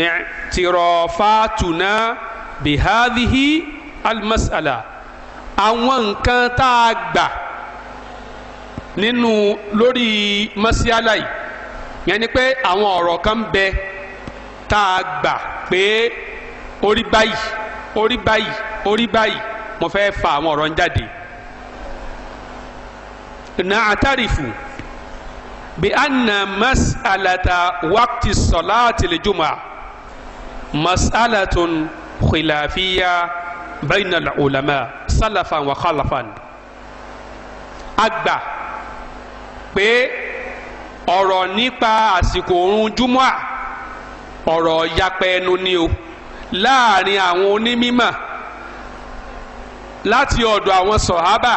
ìtìrọ̀fàtùnà bihadihi almasala àwọn nǹkan tá a gbà nínú lórí masiala yìí yẹn ni pé àwọn ọ̀rọ̀ kan bẹ tá a gbà pé orí báyìí orí báyìí orí báyìí mo fẹ́ fa àwọn ọ̀rọ̀ ń jáde na'tarifu bi anna mas'alata waqti salati l mas'alatun khilafiya bayna al-ulama salafan wa khalafan agba pé ọ̀rọ̀ nípa àsìkò oorun júmọ́à ọ̀rọ̀ yapẹ ẹnu ni o láàrin àwọn onímímọ̀ láti ọ̀dọ̀ àwọn sọ̀hábà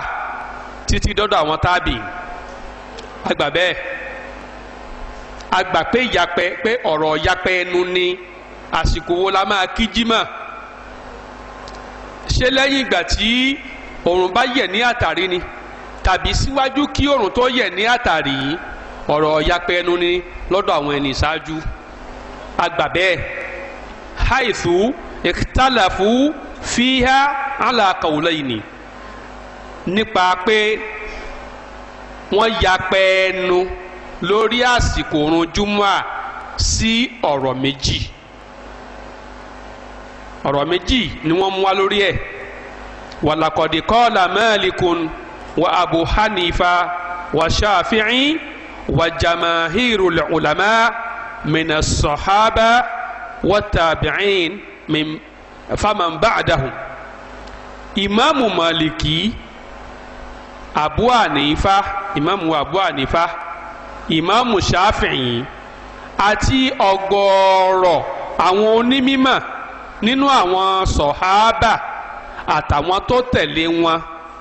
títí dọ́dọ̀ àwọn tábì agba bẹ́ẹ̀ agba pé yapẹ pé ọ̀rọ̀ yapẹ ẹnu ni àsìkò wo la máa kí jímà ṣé lẹ́yìn ìgbà tí òòrùn bá yẹ̀ ní àtàrí ni tàbí síwájú kí òòrùn tó yẹ̀ ní àtàrí ọ̀rọ̀ yapẹnu ni lọ́dọ̀ àwọn ẹni ìṣáájú àgbà bẹ́ẹ̀ haithu ikhtalafu fiha ala qawlaini nípa pé wọ́n yapẹnu lórí àsìkò òòrùn júmọ́à sí ọ̀rọ̀ méjì. Si ọ̀rọ̀ méjì ni wọ́n mú wá lórí ẹ̀ wàlàkọ̀dì kọ́ọ̀là Malikun wa Abu Hanifa wa Shafi'i wa jamahiru ulama mina sọ̀hábà wa tabi'in min faman ba'dahum ìmáàmù Maliki Abu Hanifa ìmáàmù Abu Hanifa ìmáàmù Shafi'i àti ọ̀gọ̀ọ̀rọ̀ àwọn onímímọ̀ nínú àwọn sọ̀háábà àtàwọn tó tẹ̀lé wọn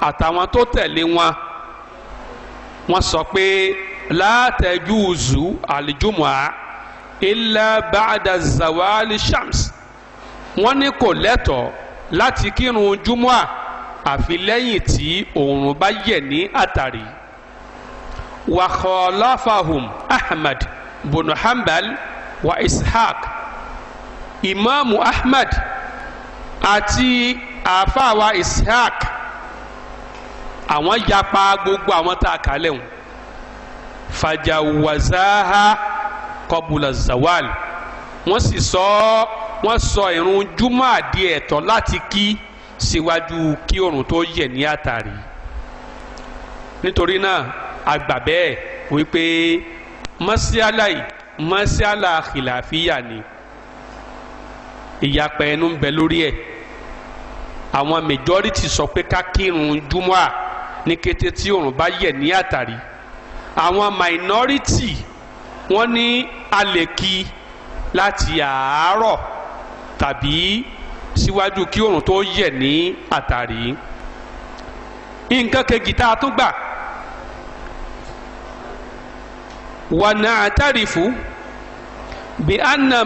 àtàwọn tó tẹ̀lé wọn wọ́n sọ pé látẹjúùzù àlìjùmọ̀á ilẹ̀ bàdà zawali shams wọ́n ní kò lẹ́tọ̀ọ́ láti kírun jùmọ̀á àfi lẹ́yìn tí oòrùn bá yẹ̀ ní àtàrí wàhálàfàhùn ahmad bùnú hanbal wa ishaq imaamu Ahmed àti àfàwà ishaq àwọn yapa gbogbo àwọn tá a kà lẹ́hùn fàjàwàzáhà kọbùlà zawal wọ́n sì sọ wọ́n sọ ìrun júmọ́ àdí ẹ̀tọ́ láti kí síwájú kí oòrùn tó yẹ̀ ní àtàrí nítorí náà àgbà bẹ́ẹ̀ wípé mọ́síálà yìí mọ́síálà khilafiyya ni ìyapa ẹnu ń bẹ lórí ẹ̀ àwọn majority sọ pé ká kírun júmọ́à ní kété tí òòrùn bá yẹ̀ ní àtàrí àwọn minority wọ́n ní alèkí láti àárọ̀ tàbí síwájú kí òòrùn tó yẹ̀ ní àtàrí nǹkan kejì tá a tún gbà wà náà àtàrífù bí anna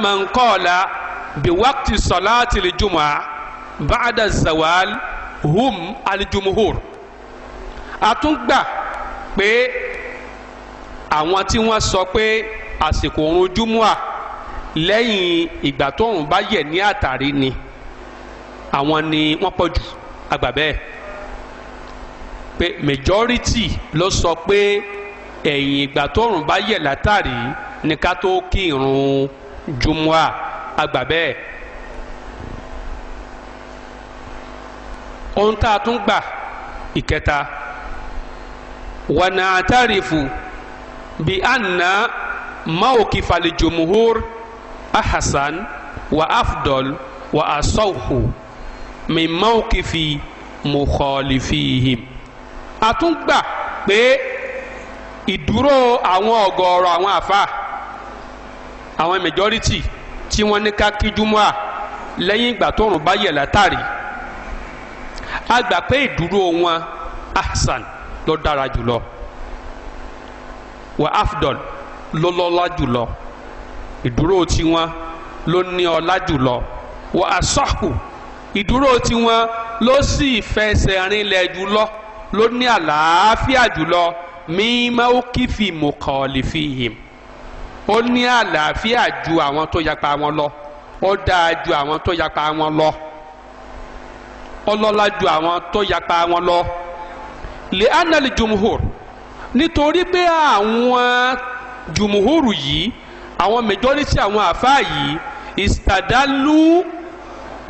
بوقت waqti الجمعة بعد الزوال هم الجمهور. aljumhur àtúngbà pé àwọn tí wọ́n sọ pé àsìkò òrùn júmọ́à lẹ́yìn ìgbà tóòrùn bá yẹ̀ ní àtàrí ni àwọn ni wọ́n pọ̀ jù àgbà bẹ́ẹ̀ pé majority ló sọ pé ẹ̀yìn ìgbà tóòrùn bá yẹ̀ látàrí ni ká tó kí irun júmọ́à àgbà bẹ́ẹ̀ ohun tá a tún gbà ìkẹta wànà àtàrífù bí àná máòkì fàlìjòmùhúr ahasan wà afdol wà asọ́hù mi máòkì fi mùkọ́lìfìhìm a tún gbà pé ìdúró àwọn ọ̀gọ̀ọ̀rọ̀ àwọn àfa àwọn majority tí wọ́n ní ká kí júmọ́ à lẹ́yìn ìgbà tóòrùn bá yẹ̀ látàrí a gbà pé ìdúró wọn ahsan ló dára jùlọ wà afdol ló lọ́lá jùlọ ìdúró tiwọn ló ní ọlá jùlọ wà asọ́kù ìdúró tiwọn ló sì fẹsẹ̀ rinlẹ̀ jùlọ ló ní àlàáfíà jùlọ mímọ́ ó kìfì yìí ó ní àlàáfíà ju àwọn tó yapa wọn lọ ó dáa ju àwọn tó yapa wọn lọ ó lọ́lá ju àwọn tó yapa wọn lọ lè ánàlì jùmùhùr nítorí pé àwọn jùmùhùrù yìí àwọn majority àwọn àfáà yìí ìsàdálù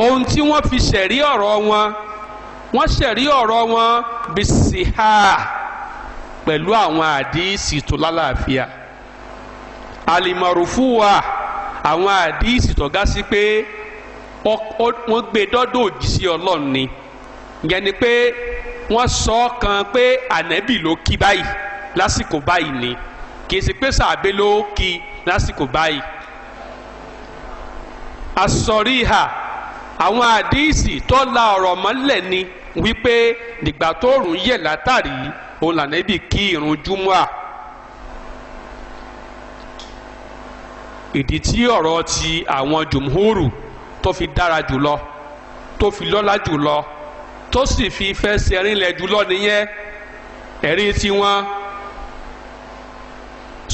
ohun tí wọ́n fi ṣẹ̀rí ọ̀rọ̀ wọn wọ́n ṣẹ̀rí ọ̀rọ̀ wọn bisiha pẹ̀lú àwọn àdìsí tó lálàáfíà alimarufuwa àwọn àdíìsì tó ga sí pé wọ́n gbé dọ́dọ̀ òjíṣẹ́ ọlọ́run ni yẹn ni pé wọ́n sọ kan pé ànẹ́bì ló kí báyìí lásìkò báyìí ni kì í ṣe pé sàbẹ̀ ló kí lásìkò báyìí. àsọ̀rí ìhà àwọn àdíìsì tó la ọ̀rọ̀ mọ́lẹ̀ ni wípé nígbà tó rùn yẹ̀ látàrí òun lànà kí irun júmọ́à ìdí tí ọ̀rọ̀ ti àwọn jùmhúrù tó fi dára jùlọ tó fi lọ́lá jùlọ tó sì fi fẹsẹ̀ rinlẹ̀ jùlọ nìyẹn ẹ̀rí tiwọn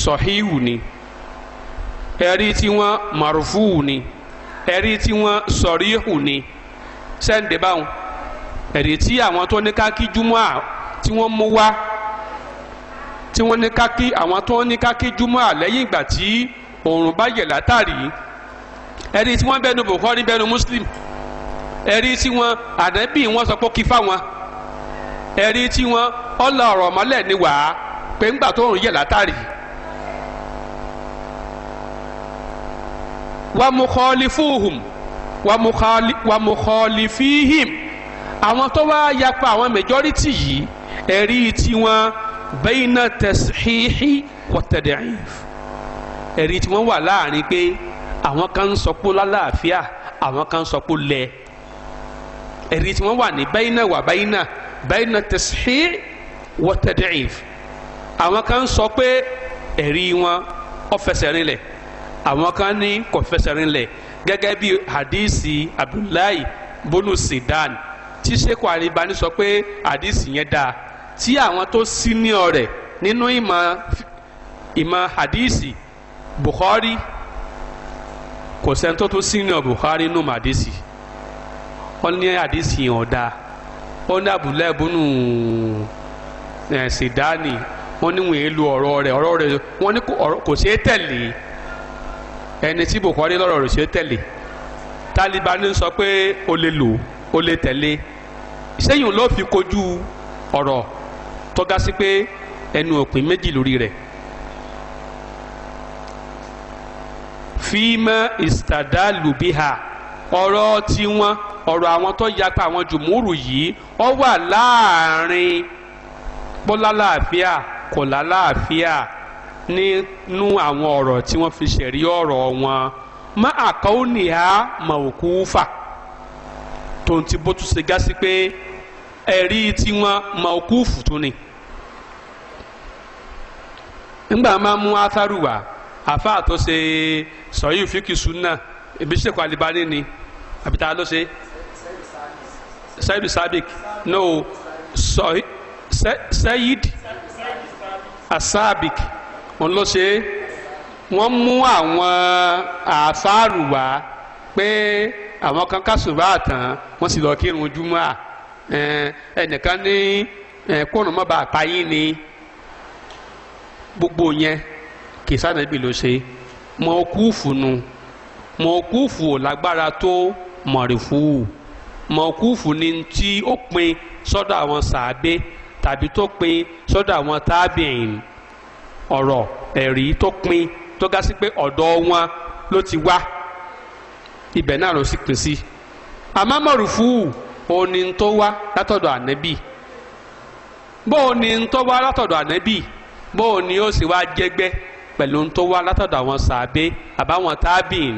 sọ̀híhù ni ẹ̀rí tiwọn màrúfù ni ẹ̀rí tiwọn sọ̀ríhù ni sẹ́ǹdẹ̀ báwọn ẹ̀rí tí àwọn tó ní ká júmọ́ à tí wọ́n mú wá tí wọ́n ní ká àwọn tó ní ká júmọ́ à lẹ́yìn ìgbà tí òòrùn bá yẹ̀ látàrí ẹ̀rí tí wọ́n bẹnu bùkọ́rí bẹnu muslim ẹ̀rí tí wọ́n ànábì wọ́n sọ pé kí fáwọn ẹ̀rí tí wọ́n ọ̀là ọ̀rọ̀ mọ́lẹ̀ ni wàá pé ńgbà tó òòrùn yẹ̀ látàrí. wa mukhalifuhum wa mukhalifihim àwọn tó wá yapa àwọn majority yìí ẹ̀rí tí wọ́n bayna tashihi wa ẹ̀rí tí wọ́n wà láàrin pé àwọn kan ń sọ pé lálàáfíà àwọn kan ń sọ pé lẹ ẹ̀rí tí wọ́n wà ní bẹ́yìnà wà bẹ́yìnà bẹ́yìnà tẹ̀sí wọ́tẹ̀dẹ̀ẹ́f àwọn kan ń sọ pé ẹ̀rí wọn ó fẹsẹ̀ rinlẹ̀ àwọn kan ní kò fẹsẹ̀ rinlẹ̀ gẹ́gẹ́ bí hadisi abdullahi bonu sidan tí seko alibani sọ pé hadisi yẹn dáa tí àwọn tó sí ní ọ̀rẹ́ nínú ìmọ̀ hadisi Bukhari kò sẹ́ni tó tó senior Bukhari nù màdísì ó ní àdísì yẹn ọ̀dà ó ní abúlé búnú Sidani wọ́n ní wọ́n èlò ọ̀rọ̀ rẹ̀ ọ̀rọ̀ rẹ̀ wọ́n ní kò ṣeé tẹ̀lé ẹni tí Bukhari lọ́rọ̀ rẹ̀ ṣeé tẹ̀lé Talibani sọ pé o lè lò o lè tẹ̀lé sẹ́yìn ló fi kojú ọ̀rọ̀ tọ́gá pé ẹnu òpin méjì lórí rẹ̀ fíìmà ìsàdálùbíhà ọ̀rọ̀ tiwọn ọ̀rọ̀ àwọn tó yapa àwọn jùmúrù yìí ọ wà láàrin bọ́lá láàfíà nínú àwọn ọ̀rọ̀ tí wọ́n fi ṣẹ̀rí ọ̀rọ̀ wọn má àkọ́wò nìyá mà òkú fà tó ti bó tún ṣe gá sí pé ẹ̀rí tiwọn mà òkú ni. nígbà máa mú wá àfa sọ̀yìn fíkì sunna ibi sèkò alibani ni àbíta ló ṣe sayid sabik no sayid asabik òun ló ṣe wọ́n mú àwọn àfáàrù wá pé àwọn kan kásùbà tán wọ́n sì lọ kírun júmọ́ ẹnìkan ní kóòrùn mọ́ba àpáyín ni gbogbo yẹn kìsànàbí ló ṣe mọ̀ọ́kúfù nu mọ̀ọ́kúfù ò lágbára tó mọ̀rìfù mọ̀ọ́kúfù ni tí ó pin sọ́dọ̀ àwọn sàábé tàbí tó pin sọ́dọ̀ àwọn tábìyìn ọ̀rọ̀ ẹ̀rí tó pin tó ga sí pé ọ̀dọ̀ wọn ló ti wá ibẹ̀ náà ló sì pin sí àmọ́ mọ̀rìfù ò ní tó wá látọ̀dọ̀ ànábì bó o tó wá látọ̀dọ̀ ànábì bó o ó sì wá jẹ́gbẹ́ pẹ̀lú tó wá látọ̀dọ̀ àwọn sàábé àbáwọn tábìín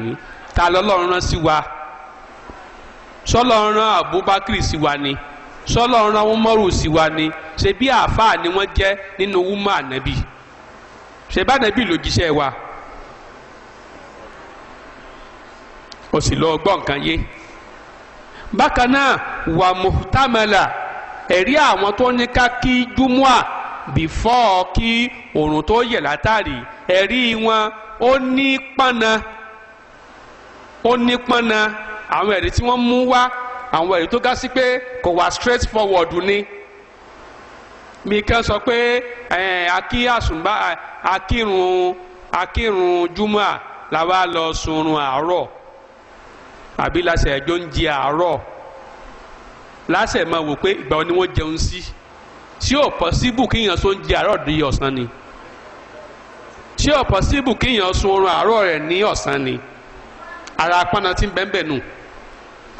ta lọ́lọ́run rán sí wa sọlọ́run rán Abubakar sí wa ni sọlọ́run rán Umaru sí wa ni ṣe bí àáfàá ni wọ́n jẹ́ nínú wúmọ̀ ànábì ṣe bá ànábì ló jíṣẹ́ wa ó sì lọ gbọ́ nǹkan yé bákan náà wà muhtamala ẹ̀rí àwọn tó ní ká kí júmọ́à bìfọ́ kí oòrùn tó yẹ̀ látàrí ẹ̀rí wọn ó ní pọ́nà ó ní pọ́nà àwọn ẹ̀rí tí wọ́n mú wá àwọn ẹ̀rí tó ga sí pé kò wá straight forward ni mi kàn sọ pé akí àsùnbà akírun akírun júmọ́ làwa lọ sunrun àárọ̀ àbí lásẹ̀ ẹjọ́ ń jẹ àárọ̀ lásẹ̀ máa wò pé ìgbà wo ni wọ́n jẹun sí sí ò pọ̀ síbù kí èèyàn tó ń jẹ àárọ̀ di ọ̀sán ni ṣé ọ̀pọ̀ síbù kíyàn sun oorun àárọ̀ rẹ̀ ní ọ̀sán ni ara apọ́nà tí ń bẹ́ẹ̀ nù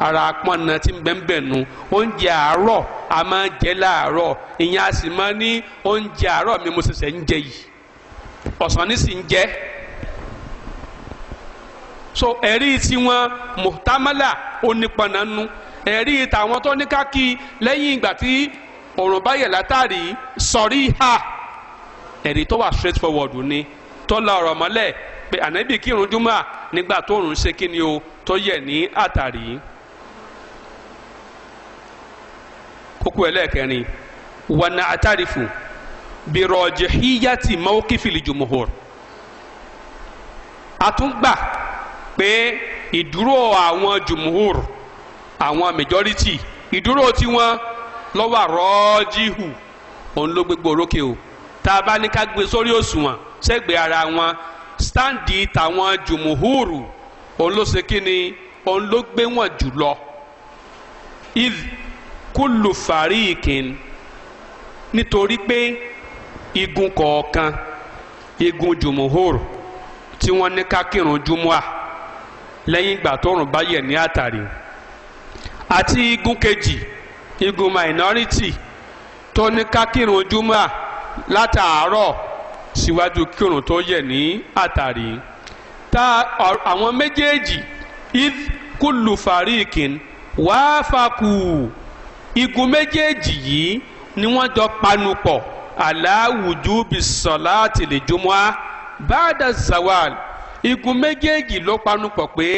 ara apọ́nà tí ń bẹ́ẹ̀ nù oúnjẹ àárọ̀ a máa ń jẹ láàárọ̀ ìyẹn a sì máa ní oúnjẹ àárọ̀ mi mo ṣẹ̀ṣẹ̀ ń jẹ yìí ọ̀sán ní sì ń jẹ so ẹ̀rí tiwọn mọ̀támálà ó nu nú ẹ̀rí tàwọn tó ní kákì lẹ́yìn ìgbà tí òrùn bá yẹ̀ látàrí sọ̀rí ha ẹ̀rí tó wà straight forward ni tọ́lá ọ̀rọ̀ mọ́lẹ̀ pé ànábì kírun júmọ́ nígbà tó òrùn ṣe kí ni o tó yẹ ní àtàrí. kókó ẹlẹ́ẹ̀kẹrin wọnà àtàrífù bìrọ̀jẹ̀ híyàtì mọ́wókìfìlì jùmọ̀hór. àtúngbà pé ìdúró àwọn jùmọ̀hór àwọn majority ìdúró tiwọn lọ́wọ́ àrọ́ọ́jì òun ló gbégbó orókè o tá a bá ní ká gbé sórí òṣùwọ̀n sẹ́gbẹ̀ẹ́ ara wọn stáǹdì tàwọn jùmùhúrù òun ló ṣe kí ni òun ló gbé wọn jùlọ idh kullu fariqin nítorí pé igun kọ̀ọ̀kan igun jùmùhúrù tí wọ́n ní ká kírun jùmùà lẹ́yìn ìgbà tóòrùn bá yẹ̀ ní àtàrí àti igun kejì igun minority tó ní ká kírun látàárọ̀ síwájú kí òrùn tó yẹ̀ ní àtàrí ta àwọn méjèèjì idh kullu fariqin wáfàkù igun méjèèjì yìí ni wọ́n jọ panupọ̀ ala wujubi salati li jumu'a ba'da zawal igun méjèèjì ló panupọ̀ pé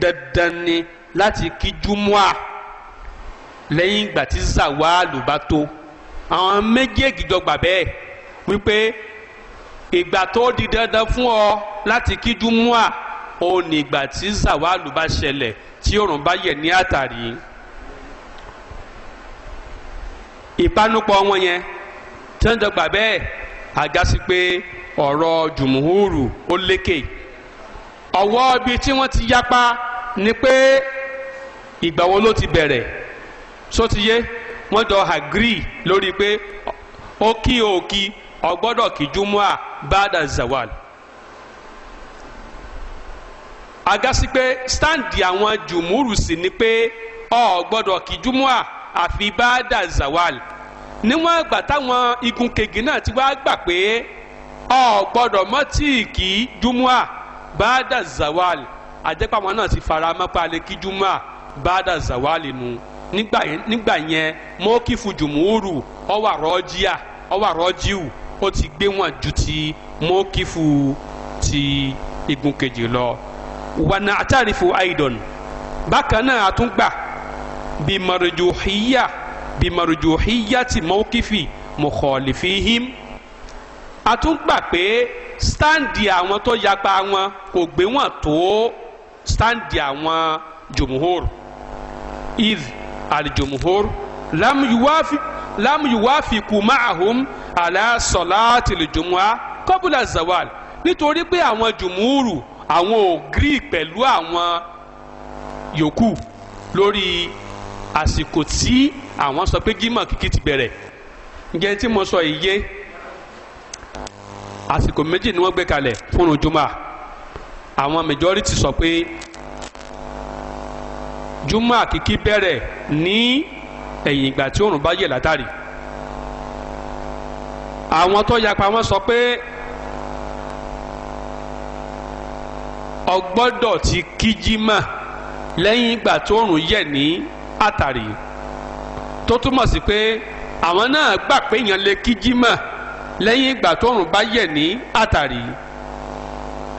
dandan ni láti kí jumu'a lẹ́yìn ìgbà tí zawalu bá tó àwọn méjèèjì jọ gbà bẹ́ẹ̀ wípé ìgbà tó di dandan fún ọ láti kí júmọ́à ó ní ìgbà tí zawalu bá ṣẹlẹ̀ tí òrùn bá yẹ̀ ní àtàrí ìpanupọ̀ wọn yẹn tí wọ́n dọ̀gba bẹ́ẹ̀ àgásí pé ọ̀rọ̀ jùmùhúrù ó lékè ọ̀wọ́ ibi tí wọ́n ti yapa ni pé ìgbà wo ló ti bẹ̀rẹ̀ só ti yé wọ́n jọ àgírí lórí pé ó kí òkì ọgbọ́dọ̀ kí júmọ́à bada zawal agasi pé standi àwọn jumuru sì ni pé ọ gbọ́dọ̀ kí júmọ́à àfi bada zawal níwọ̀n àgbà táwọn igun kegi náà ti wá gbà pé ọ gbọ́dọ̀ mọ́tì kí júmọ́à bada zawal àjẹpọ̀ àwọn náà ti fara mọ́ pé alẹ́ bada zawal nu nígbà yẹn mọ́kìfù jùmúrù ọwà rọ́jíà ọwà rọ́jíù ó ti gbé wọn ju ti mọ́kífù ti igun kejì lọ wàna àtàrífù aidan bákan náà àtúngbà bí marjuhiyya bí marjuhiyya ti mọ́kífì mukhalifihim àtúngbà pé stáǹdì àwọn tó yapa wọn kò gbé wọn tó stáǹdì àwọn jumhur idh al jumhur lam ala salati al-jumu'ah qabla zawal nítorí pé àwọn jùmúùrù àwọn ò gírí pẹ̀lú àwọn yòókù lórí àsìkò tí àwọn sọ pé gímọ̀ kìkì ti bẹ̀rẹ̀ ǹjẹ́ tí mo sọ ìyé àsìkò méjì ni wọ́n gbé kalẹ̀ fún ojúmọ́ àwọn majority sọ pé jùmọ̀ kìkì bẹ̀rẹ̀ ní ẹ̀yìn ìgbà tí oòrùn bá yẹ̀ látàrí àwọn tó yapa wọn sọ pé ọgbọ́dọ̀ ti kíjímà lẹ́yìn ìgbà tó rùn yẹ̀ ní àtàrí tó túmọ̀ sí pé àwọn náà gbà pé èèyàn lè kíjímà lẹ́yìn ìgbà tó rùn bá yẹ̀ ní àtàrí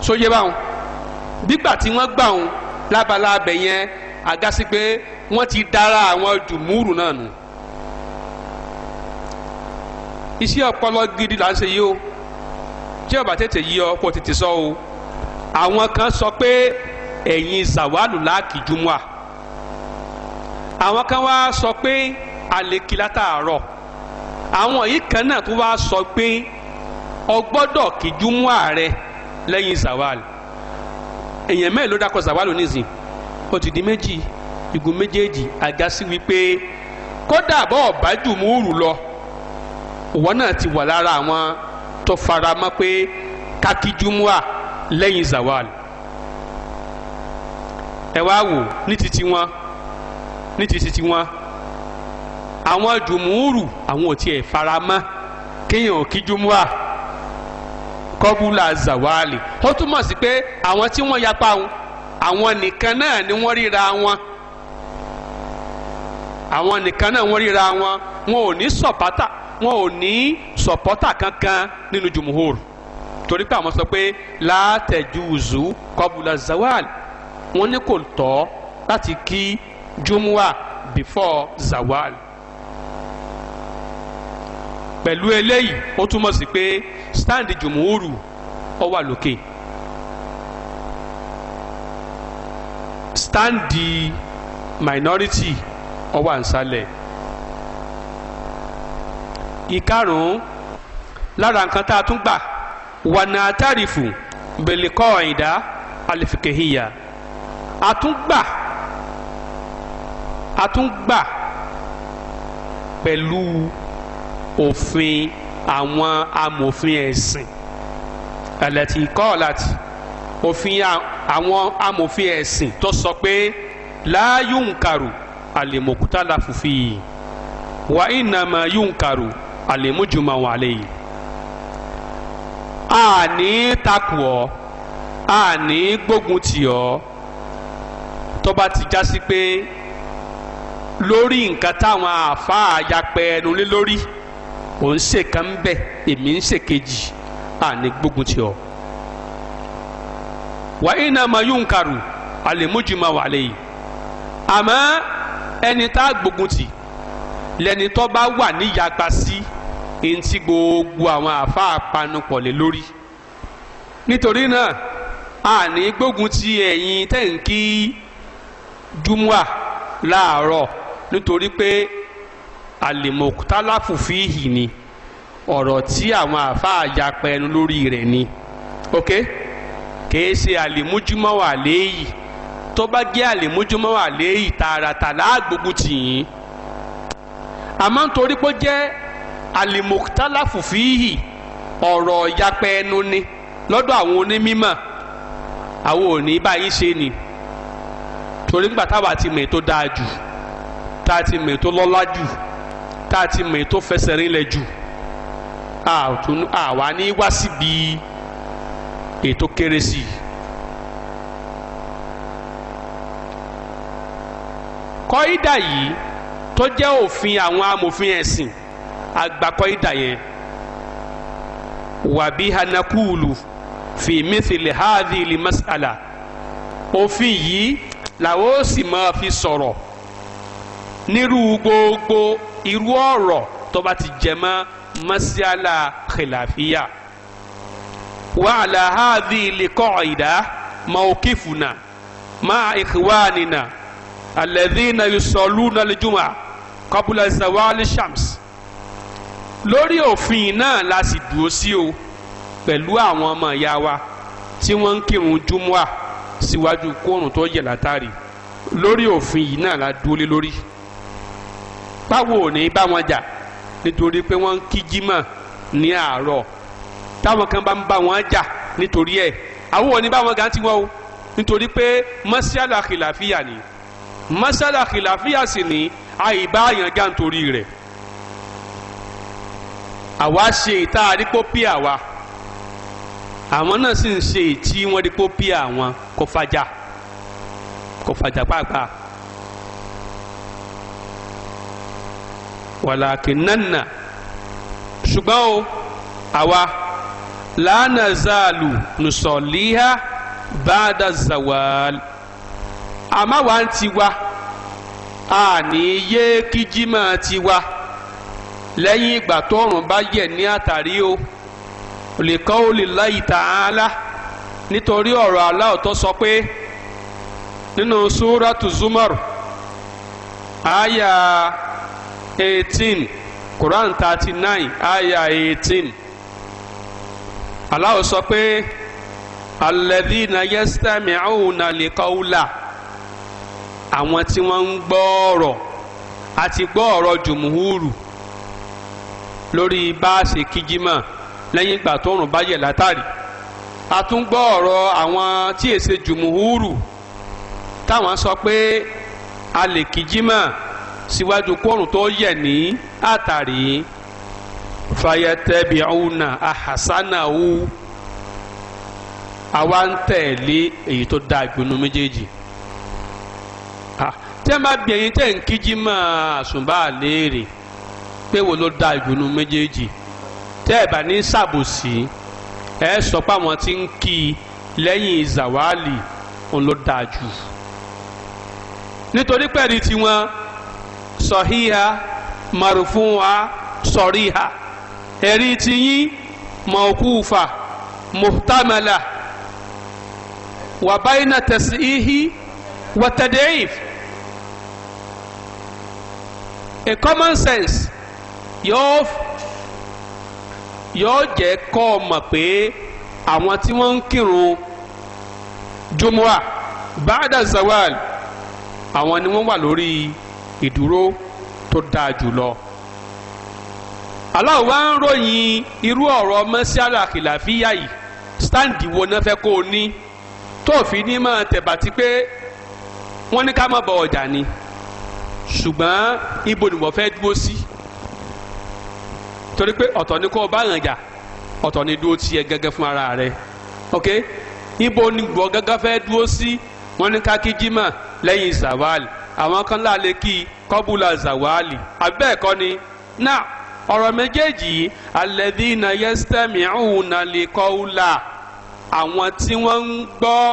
sóyè báwọn gbígbà tí wọ́n gbà wọn lábala abẹ yẹn àgásí pé wọ́n ti dára àwọn jùmúrù náà nù. No iṣẹ́ ọpọlọ gidi là ń ṣe yìí o tí ọba tètè yí ọ kó tètè sọ o àwọn kan sọ pé ẹ̀yìn zawalu láàkì jumua àwọn kan wá sọ pé àlèkí látàárọ̀ àwọn yìí kan náà tó wá sọ pé ọ gbọ́dọ̀ jumua rẹ lẹ́yìn zawalu èèyàn mẹ́rin ló dákọ̀ zawalu nísìn ó ti di méjì igun méjèèjì àgásí wípé kódà bọ́ọ̀ bá jù múùrù lọ òwò náà ti wà lára àwọn tó fara mọ́ pé kákíjúmọ́à lẹ́yìn zawal ẹ wá wò ní titi wọn ní titi ti wọn àwọn jùmùúrù àwọn ò tiẹ̀ fara mọ́ kéèyàn kíjúmọ́à kọ́bùlà zawali ó túmọ̀ sí pé àwọn tí wọ́n yapa àwọn nìkan náà ni wọ́n ríra wọn àwọn nìkan náà wọ́n ríra wọn wọn ò ní sọ̀pátà wọn ò ní sọ̀pọ́tà kankan nínú jùmùhóòrù torí pé àwọn sọ pé látẹ̀júùzù kọbùlà zawal wọn ní kò tọ́ láti kí jumuwa before zawal pẹ̀lú eléyìí ó túmọ̀ sí pé stand jùmùhóòrù ó wà lókè stand minority ó wà nsàlẹ̀ ìkarùn-ún lára nǹkan tá a tún gbà wà ní àtàrífù bèlèkọ́ ìdá àlìfìkèhìyà àtúngbà àtúngbà pẹ̀lú òfin àwọn amòfin ẹ̀sìn ẹ̀lẹ́tì kọ́ọ̀láti òfin àwọn amòfin ẹ̀sìn tó sọ pé láyùnkàrù àlèmọ̀kútà láfùfì wà ìnàmà yùnkàrù àlèmújùmọ àwọn àlè yìí àní takù ọ àní gbógun tì ọ tó bá ti já sí pé lórí nǹkan táwọn àáfàá yapẹ ẹnu lé lórí ò ń ṣèkan ń bẹ èmi ń ṣèkejì àní gbógun tì ọ wà iná mayúnkàrù àlèmújùmọ àwọn àlè yìí àmọ́ ẹni tá gbógun tì lẹni tó bá wà níyàgbá sí èyí tí gbogbo àwọn àáfàá panupọ̀ lé lórí nítorí náà a ní gbógun ti ẹ̀yin tẹ̀ǹkì jumua láàárọ̀ nítorí pé àlèmọ̀tálàfù fíhì ni ọ̀rọ̀ tí àwọn àáfàá yapa ẹnu lórí rẹ̀ ni ok kìí ṣe àlèmójúmọ́ wà léyìí tó bá gé àlèmójúmọ́ wà léyìí tààràtà láàgbógun tì yín àmọ́ nítorí pé ó jẹ́ alimokitalafu fihi ọ̀rọ̀ yapẹ ẹnu ni lọ́dọ̀ àwọn onímọ̀ àwọn òní báyìí ṣe ni torí nígbà táwa ti mè tó dáa jù tá a ti mè tó lọ́lá jù tá a ti mè tó fẹsẹ̀ rinlẹ̀ jù àwa ní wá síbi ètò kéré sí i. kọ́ ìdá yìí tó jẹ́ òfin àwọn amòfin ẹ̀sìn àgbàkọ́ ìdà yẹn wàbí hanakulu fi mithili hadhi li mas'ala òfin yìí làwọn ó sì máa fi sọ̀rọ̀ nírú gbogbo irú ọ̀rọ̀ tó bá ti jẹ mọ́ mas'ala khilafiya wa ala hadhi li qaida mawqifuna ma'a ikhwanina alladhina yusalluna al-jum'ah kọbúlẹ̀ zawali shams lórí òfin náà la sì dúró sí o pẹ̀lú àwọn ọmọ ìyá wa tí wọ́n ń kírun júmọ́à síwájú kóòrùn tó yẹ látàrí lórí òfin yìí náà la dúró lé lórí báwo ò ní bá wọn jà nítorí pé wọ́n ń kí jímọ̀ ní àárọ̀ táwọn kan bá ń bá wọn jà nítorí ẹ̀ àwọn ò ní bá wọn gà tí wọn o nítorí pé mọ́sálà kìláfíà ni mọ́sálà kìláfíà sì ni àìbáyàn já nítorí rẹ̀ àwa ṣe ìta àdípò pí àwa àwọn náà sì ń ṣe ìtí wọn dípò pí àwọn kò fàjà kò fàjà pàápàá. wàlàkìnnánà ṣùgbọ́n o àwa lánàzàlù nùsọ̀líhà bàdà zàwàl àmàwà ń tiwa. A yé kí tiwa lẹ́yìn ìgbà tóòrùn bá yẹ̀ ní àtàrí o lè kọ́ ó lè nítorí ọ̀rọ̀ aláwọ̀ tó sọ pé nínú súrátù zumar àyà eighteen quran thirty nine àyà eighteen aláwọ̀ sọ pé àwọn tí wọ́n ń gbọ́ ọ̀rọ̀ àti gbọ́ ọ̀rọ̀ jùmùhúrù lórí báàsì kìjìmà lẹ́yìn ìgbà tó rùn bá yẹ̀ látàrí a tún gbọ́ ọ̀rọ̀ àwọn tí èsè jùmùhúrù táwọn sọ pé a lè kìjìmà síwájú kóòrùn tó yẹ̀ ní àtàrí fayẹtẹbiuna ahasanahu àwa ń tẹ̀lé èyí tó dáa ìpinnu méjèèjì tẹ́ máa bí ẹ̀yin tẹ́ ń kíjí máa àsùnbà léèrè pé wo ló da ìdùnnú méjèèjì tẹ́ ẹ̀ bá ní sàbòsí ẹ sọ pé àwọn tí ń kí i lẹ́yìn zawali òun ló da jù nítorí pẹ̀lú tiwọn sọ̀híha marufuha sọ̀ríha ẹ̀rí tiyín mọ̀kúfà muhtamala wàbáyínà tẹ̀síhì wàtẹ̀dẹ́ìfù a common sense yóò yóò jẹ́ kọ́ ọ mọ̀ pé àwọn tí wọ́n ń kírun jumua bada zawal àwọn ni wọ́n wà lórí ìdúró tó dáa jùlọ aláwo wá ń ròyìn irú ọ̀rọ̀ mọ́sálà kìláfíà yìí sítáǹdì wo náà fẹ́ kó o ní tó fi ní máa tẹ̀bàtì pé wọ́n ní ká má bọ ọjà ni ṣùgbọ́n ibo ni mo fẹ́ dúró sí torí pé ọ̀tọ̀ ni kó o bá yàn jà ọ̀tọ̀ ni dúró tiẹ̀ gẹ́gẹ́ fún ara rẹ ok ibo ni gbọ́ gẹ́gẹ́ fẹ́ dúró sí wọ́n ní kákí jimá lẹ́yìn zawali àwọn kan láàlẹ́ kí kọ́bùlà zawali abẹ́ẹ̀kọ́ ni náà ọ̀rọ̀ méjèèjì alẹ́dínà yẹ́sítẹ́mì ọ̀hún nà lè àwọn tí wọ́n ń gbọ́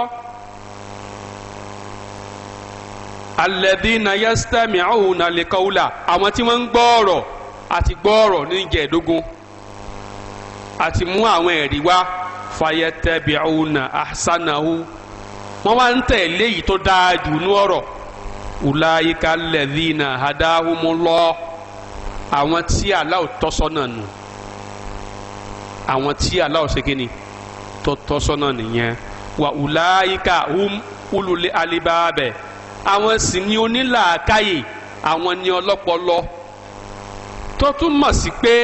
alẹ́dínà yẹ́sítẹ́mì ọ̀húnà lẹ́kọ̀ọ́là àwọn tí wọ́n ń gbọ́ ọ̀rọ̀ àti gbọ́ ọ̀rọ̀ ní edogun, àti mú àwọn ẹ̀rí wá fayẹ́tẹ́bì ọ̀húnà àṣánàhù wọ́n wá ń tẹ̀lé yìí tó dáa jù ní ọ̀rọ̀ ùláyíká alẹ́dínà àdáhùnmúlọ́ àwọn tí aláwọ̀ nù àwọn tí aláwọ̀ tó nìyẹn wà àwọn sì ni onílàákàyè àwọn ni ọlọ́pọlọ tó túmọ̀ sí pé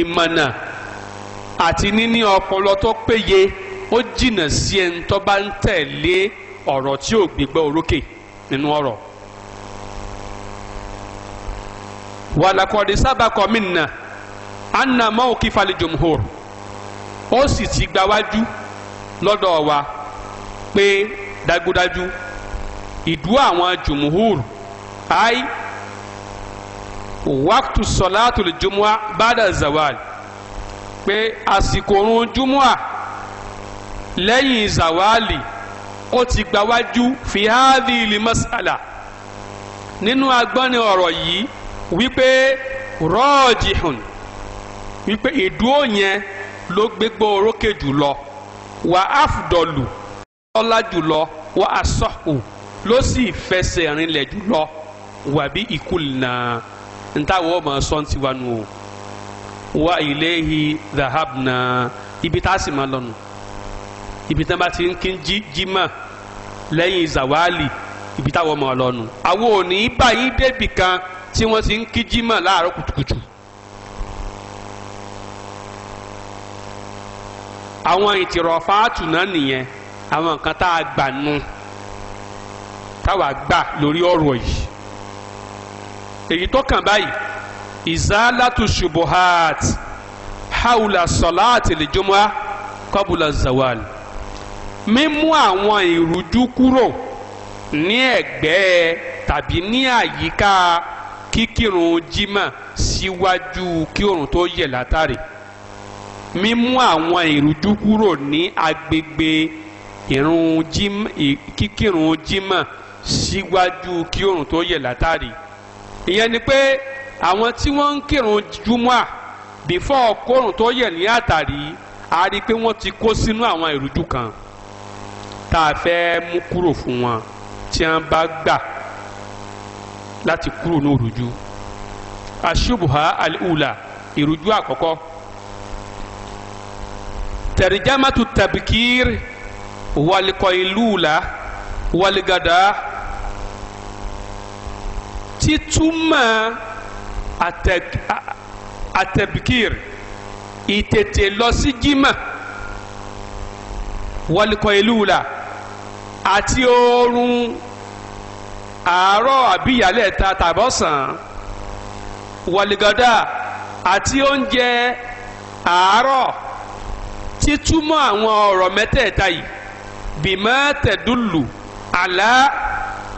ìmọ̀nà àti níní ọpọlọ tó péye ó jìnnà sí ẹni tó bá ń tẹ̀lé ọ̀rọ̀ tí ò gbégbá orókè nínú ọ̀rọ̀. wàlàkọ̀dé sábà kọ́ anna mọ́ọ̀kì falẹ̀ ó sì ti gbáwájú lọ́dọ̀ wa pé dájúdájú ìdú àwọn jùmùhúr ai wákùtù sọláàtù jùmùà bàdà zawal pé àsìkò òrùn jùmùà lẹ́yìn zawali ó ti gbáwájú fi háàdì ilé masala nínú agbọ́ni ọ̀rọ̀ yìí wípé rọ́ọ̀jìhùn wípé ìdúró yẹn ló gbégbó orókè jùlọ wà áfùdọ̀lù ọlá jùlọ wà àsọ̀hùn. Lọsị fẹsẹ fẹsẹ̀ jụlọ, wabi wàbí ìkùlùnà nta ọmọ sọ́n ti wà nù o wa ìléhi dhahabna ibi tá si ma máa lọ́nu ibi tí wọ́n ti ń kí jí jimá zawali ibi táwọn ọmọ lọ́nu àwọn ò ní báyìí debi kan ti wọ́n ti ń jima jimá láàárọ̀ kùtùkùtù. àwọn ìtìrọ̀fà àtùnà nìyẹn àwọn nǹkan tá a gbà nù. No táwa gbà lórí ọ̀rọ̀ yìí èyí tó kàn báyìí ìzálàtú ṣubuhat haula sọláàtì lìjọmọ́á kọ́bùlà zawal mímú àwọn ìrújú kúrò ní ẹ̀gbẹ́ tàbí ní àyíká kíkírun jimá síwájú kí oòrùn tó yẹ̀ látàrí mímú àwọn ìrújú kúrò ní agbègbè ìrun jimá síwájú kí oòrùn tó yẹ látàrí ìyẹn ni pé àwọn tí wọ́n ń kírun júmọ́à bífọ́ kóòrùn tó yẹ ní àtàrí a rí i pé wọ́n ti kó sínú àwọn ìrújú kan tá a fẹ́ mú kúrò fún wọn tí wọ́n bá gbà láti kúrò ní ìrújú àṣùbùhá àlùhùlà ìrújú àkọ́kọ́ tẹ̀rìjámàtú tàbíkìrì wàlìkọ̀ ìlú la wàlìgàdá títúmọ̀ àtẹ̀bíkìr ìtètè lọ sí jímọ̀ wọlékọ ìlú la àti oorun àárọ̀ àbí ìyálẹ̀ ta tàbọ̀sán wọlégọ́dá àti oúnjẹ àárọ̀ títúmọ̀ àwọn ọ̀rọ̀ mẹ́tẹ̀ẹ̀ta yìí bìmọ̀ tẹ̀dúlù àlá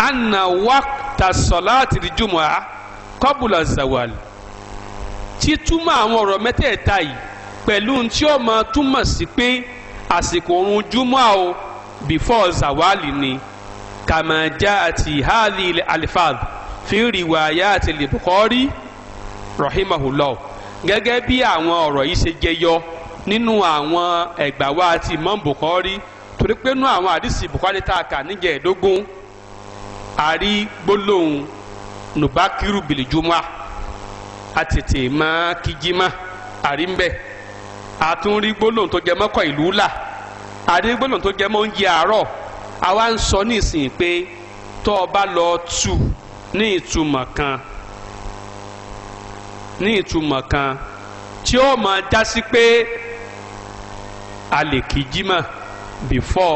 ànàwák waqta salati al-jumu'ah qabla zawal títúmọ̀ àwọn ọ̀rọ̀ mẹ́tẹ̀ẹ̀ta yìí pẹ̀lú tí ó máa túmọ̀ sí pé àsìkò òun júmọ́ o before zawali ni kama ja'ati hadhihi al-alfaz fi riwayati al-Bukhari rahimahullah gẹ́gẹ́ bí àwọn ọ̀rọ̀ yìí ṣe jẹyọ nínú àwọn ẹ̀gbà wa ti Imam Bukhari torí pé nínú àwọn àdìsí Bukhari tá a kà níjẹ̀ẹ́dógún àrí gbólóhùn nubakiru bilijuma àtètè máa kíjímà àrí ń bẹ àtúnrí gbólóhùn tó jẹ mọ́kọ̀ ìlú là àrí gbólóhùn tó jẹ mọ́ oúnjẹ àárọ̀ àwa ń sọ nísìnyí pé tó o bá lọ tù ní ìtumọ̀ kan ní ìtumọ̀ kan tí ó máa jásí pé a lè kíjímà bífọ́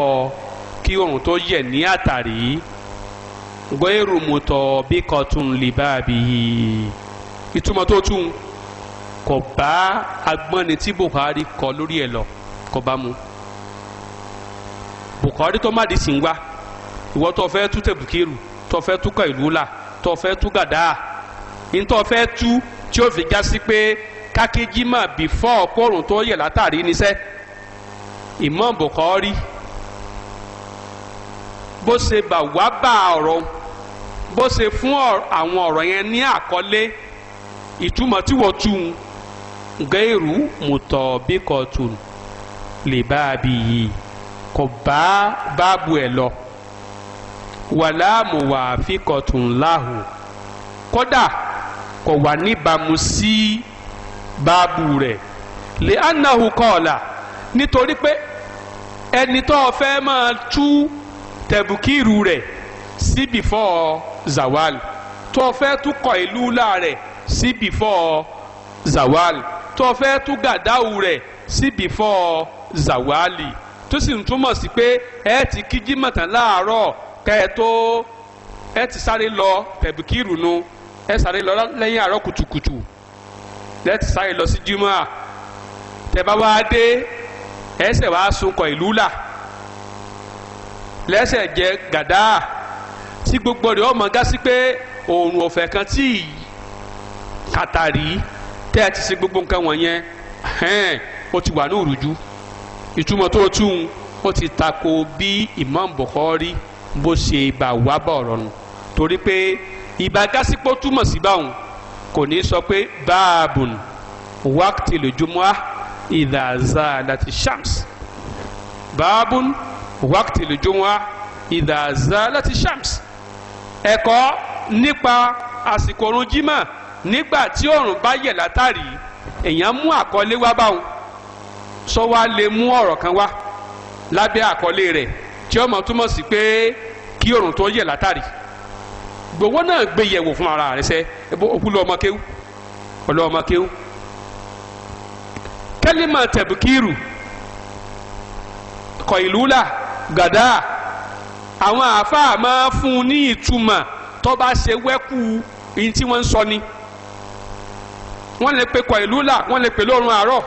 kí oòrùn tó yẹ̀ ní àtàrí gbẹ́rù mutọ̀ bí kọ̀tún libaabi yìí ìtumọ̀ tó tún kò bá agbọ́nni tí Bukhari kọ lórí ẹ̀ lọ kò bá mu Bukhari tó má di sí wa ìwọ tó fẹ́ tú tẹ̀bùkìrù tó fẹ́ tú Kailula tó fẹ́ tú gàdá ntọ́ fẹ́ tú tí ó fi já sí pé kákéjì mà bìfọ́ ọ̀pọ̀rùn tó yẹ látàrí níṣẹ́ Imam Bukhari bó ṣe bà wá bá ọ̀rọ̀ bó ṣe fún àwọn ọ̀rọ̀ yẹn ní àkọlé ìtumọ̀ tí wọ́n gẹ́rù mùtọ̀bíkọ̀tù lè bá a bí yìí kò bá báàbù ẹ̀ lọ wàlá mùwàfíkọ̀tù láhù kódà kò wà níbàámu sí báàbù rẹ̀ sí bìfọ́ zawal tó o fẹ́ tún kọ ìlú láàrẹ̀ sí before zawal tó o fẹ́ tún gàdáwù rẹ̀ sí before zawali tó sì ń túmọ̀ sí pé ẹ ti kí jímọ̀tàn láàárọ̀ kẹ́ ẹ tó ẹ ti sáré lọ tẹ̀bùkìrù nu ẹ sáré lọ lẹ́yìn àárọ̀ kùtùkùtù ẹ ti sáré lọ sí jímọ̀à tẹ̀bá wá dé ẹsẹ̀ wá sunkọ̀ ìlú là lẹ́sẹ̀ jẹ gàdáà tí gbogbo rẹ̀ ọmọ ga sí pé òòrùn ọ̀fẹ́ kan tí kàtàrí tẹ́ ẹ ti ṣe gbogbo nǹkan wọ̀nyẹn hẹ́n ó ti wà ní òrùjú ìtumọ̀ tó tún ó ti tako bí Imam Bukhari bó ṣe bá wà bá ọ̀rọ̀ torí pé ìbá gásípò túmọ̀ sí báwọn kò ní sọ pé báàbùn wákìtì lójúmọ́ ìdàzà láti shams báàbùn wákìtì lójúmọ́ ìdàzà láti shams ẹ̀kọ́ nípa àsìkò òrùn nígbà tí òrùn bá yẹ̀ látàrí èèyàn mú àkọlé wá báwọn sọ wá lè mú ọ̀rọ̀ kan wá lábẹ́ àkọlé rẹ̀ tí ó mọ̀ túmọ̀ sí pé kí òrùn tó yẹ̀ látàrí gbowó náà gbé fún ara rẹ̀ sẹ́ ọmọ ọmọ àwọn àáfàá máa fún un ní ìtumọ̀ tó bá ṣe wẹ́kú ihun tí wọ́n ń sọ ni wọ́n lè pe kọ ìlú là wọ́n lè pe lórun àárọ̀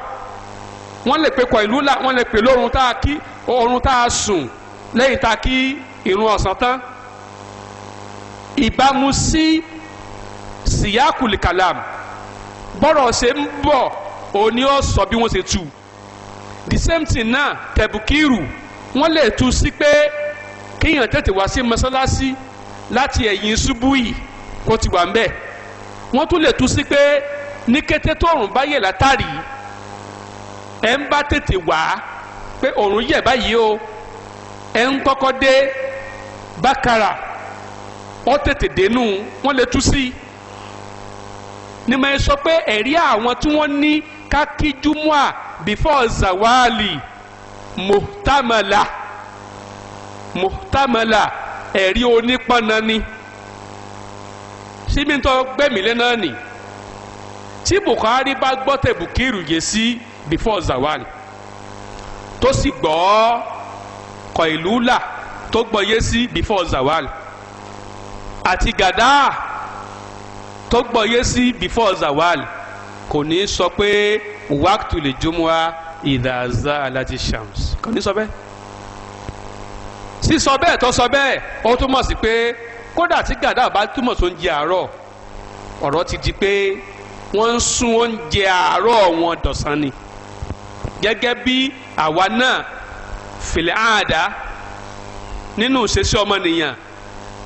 wọ́n lè pe kọ ìlú là wọ́n lè pe lórun tá a kí oorun tá a sùn lẹ́yìn tá a kí irun ọ̀sán tán ìbámu sí síyákùlì bọ́rọ̀ ṣe ń bọ̀ òní ó sọ bí wọ́n ṣe tu the same thing náà tẹ̀bùkírù wọ́n lè tu sí pé kéèyàn tètè wá sí mọ́sálásí láti ẹ̀yìn ṣubú yìí kó ti wà ń bẹ̀ wọ́n tún lè tú sí pé ní kété tóòrùn bá yẹ̀ látàrí ẹ̀ ń bá tètè wá pé òòrùn yẹ̀ báyìí o ẹ̀ ń kọ́kọ́ dé bákàrà wọ́n tètè dénú wọ́n lè tú sí ni mo sọ pé ẹ̀rí àwọn tí wọ́n ní kákíjúmọ́à bífọ́ zawali muhtamala muhtamala ẹ̀rí onípọ̀nà ni símìtọ́ gbẹ̀mílẹ̀ náà ni tí Bukhari bá gbọ́ tẹ̀bùkírù yé sí before zawal tó sì gbọ́ kọ̀ìlúlà tó gbọ́ yé sí before zawal àti gàdá tó gbọ́ yé sí before zawal kò ní sọ pé wàktulè jùmọ̀ ìdàzà aláti shams kò ní sọ bẹ́ẹ̀ sísọ bẹ́ẹ̀ tó sọ bẹ́ẹ̀ ó túmọ̀ sí pé kódà tí gàdá bá túmọ̀ tó ń jẹ àárọ̀ ọ̀rọ̀ ti di pé wọ́n ń sún oúnjẹ àárọ̀ wọn dọ̀sán ni gẹ́gẹ́ bí àwa náà fìlẹ̀ àádá nínú ìṣesí ọmọnìyàn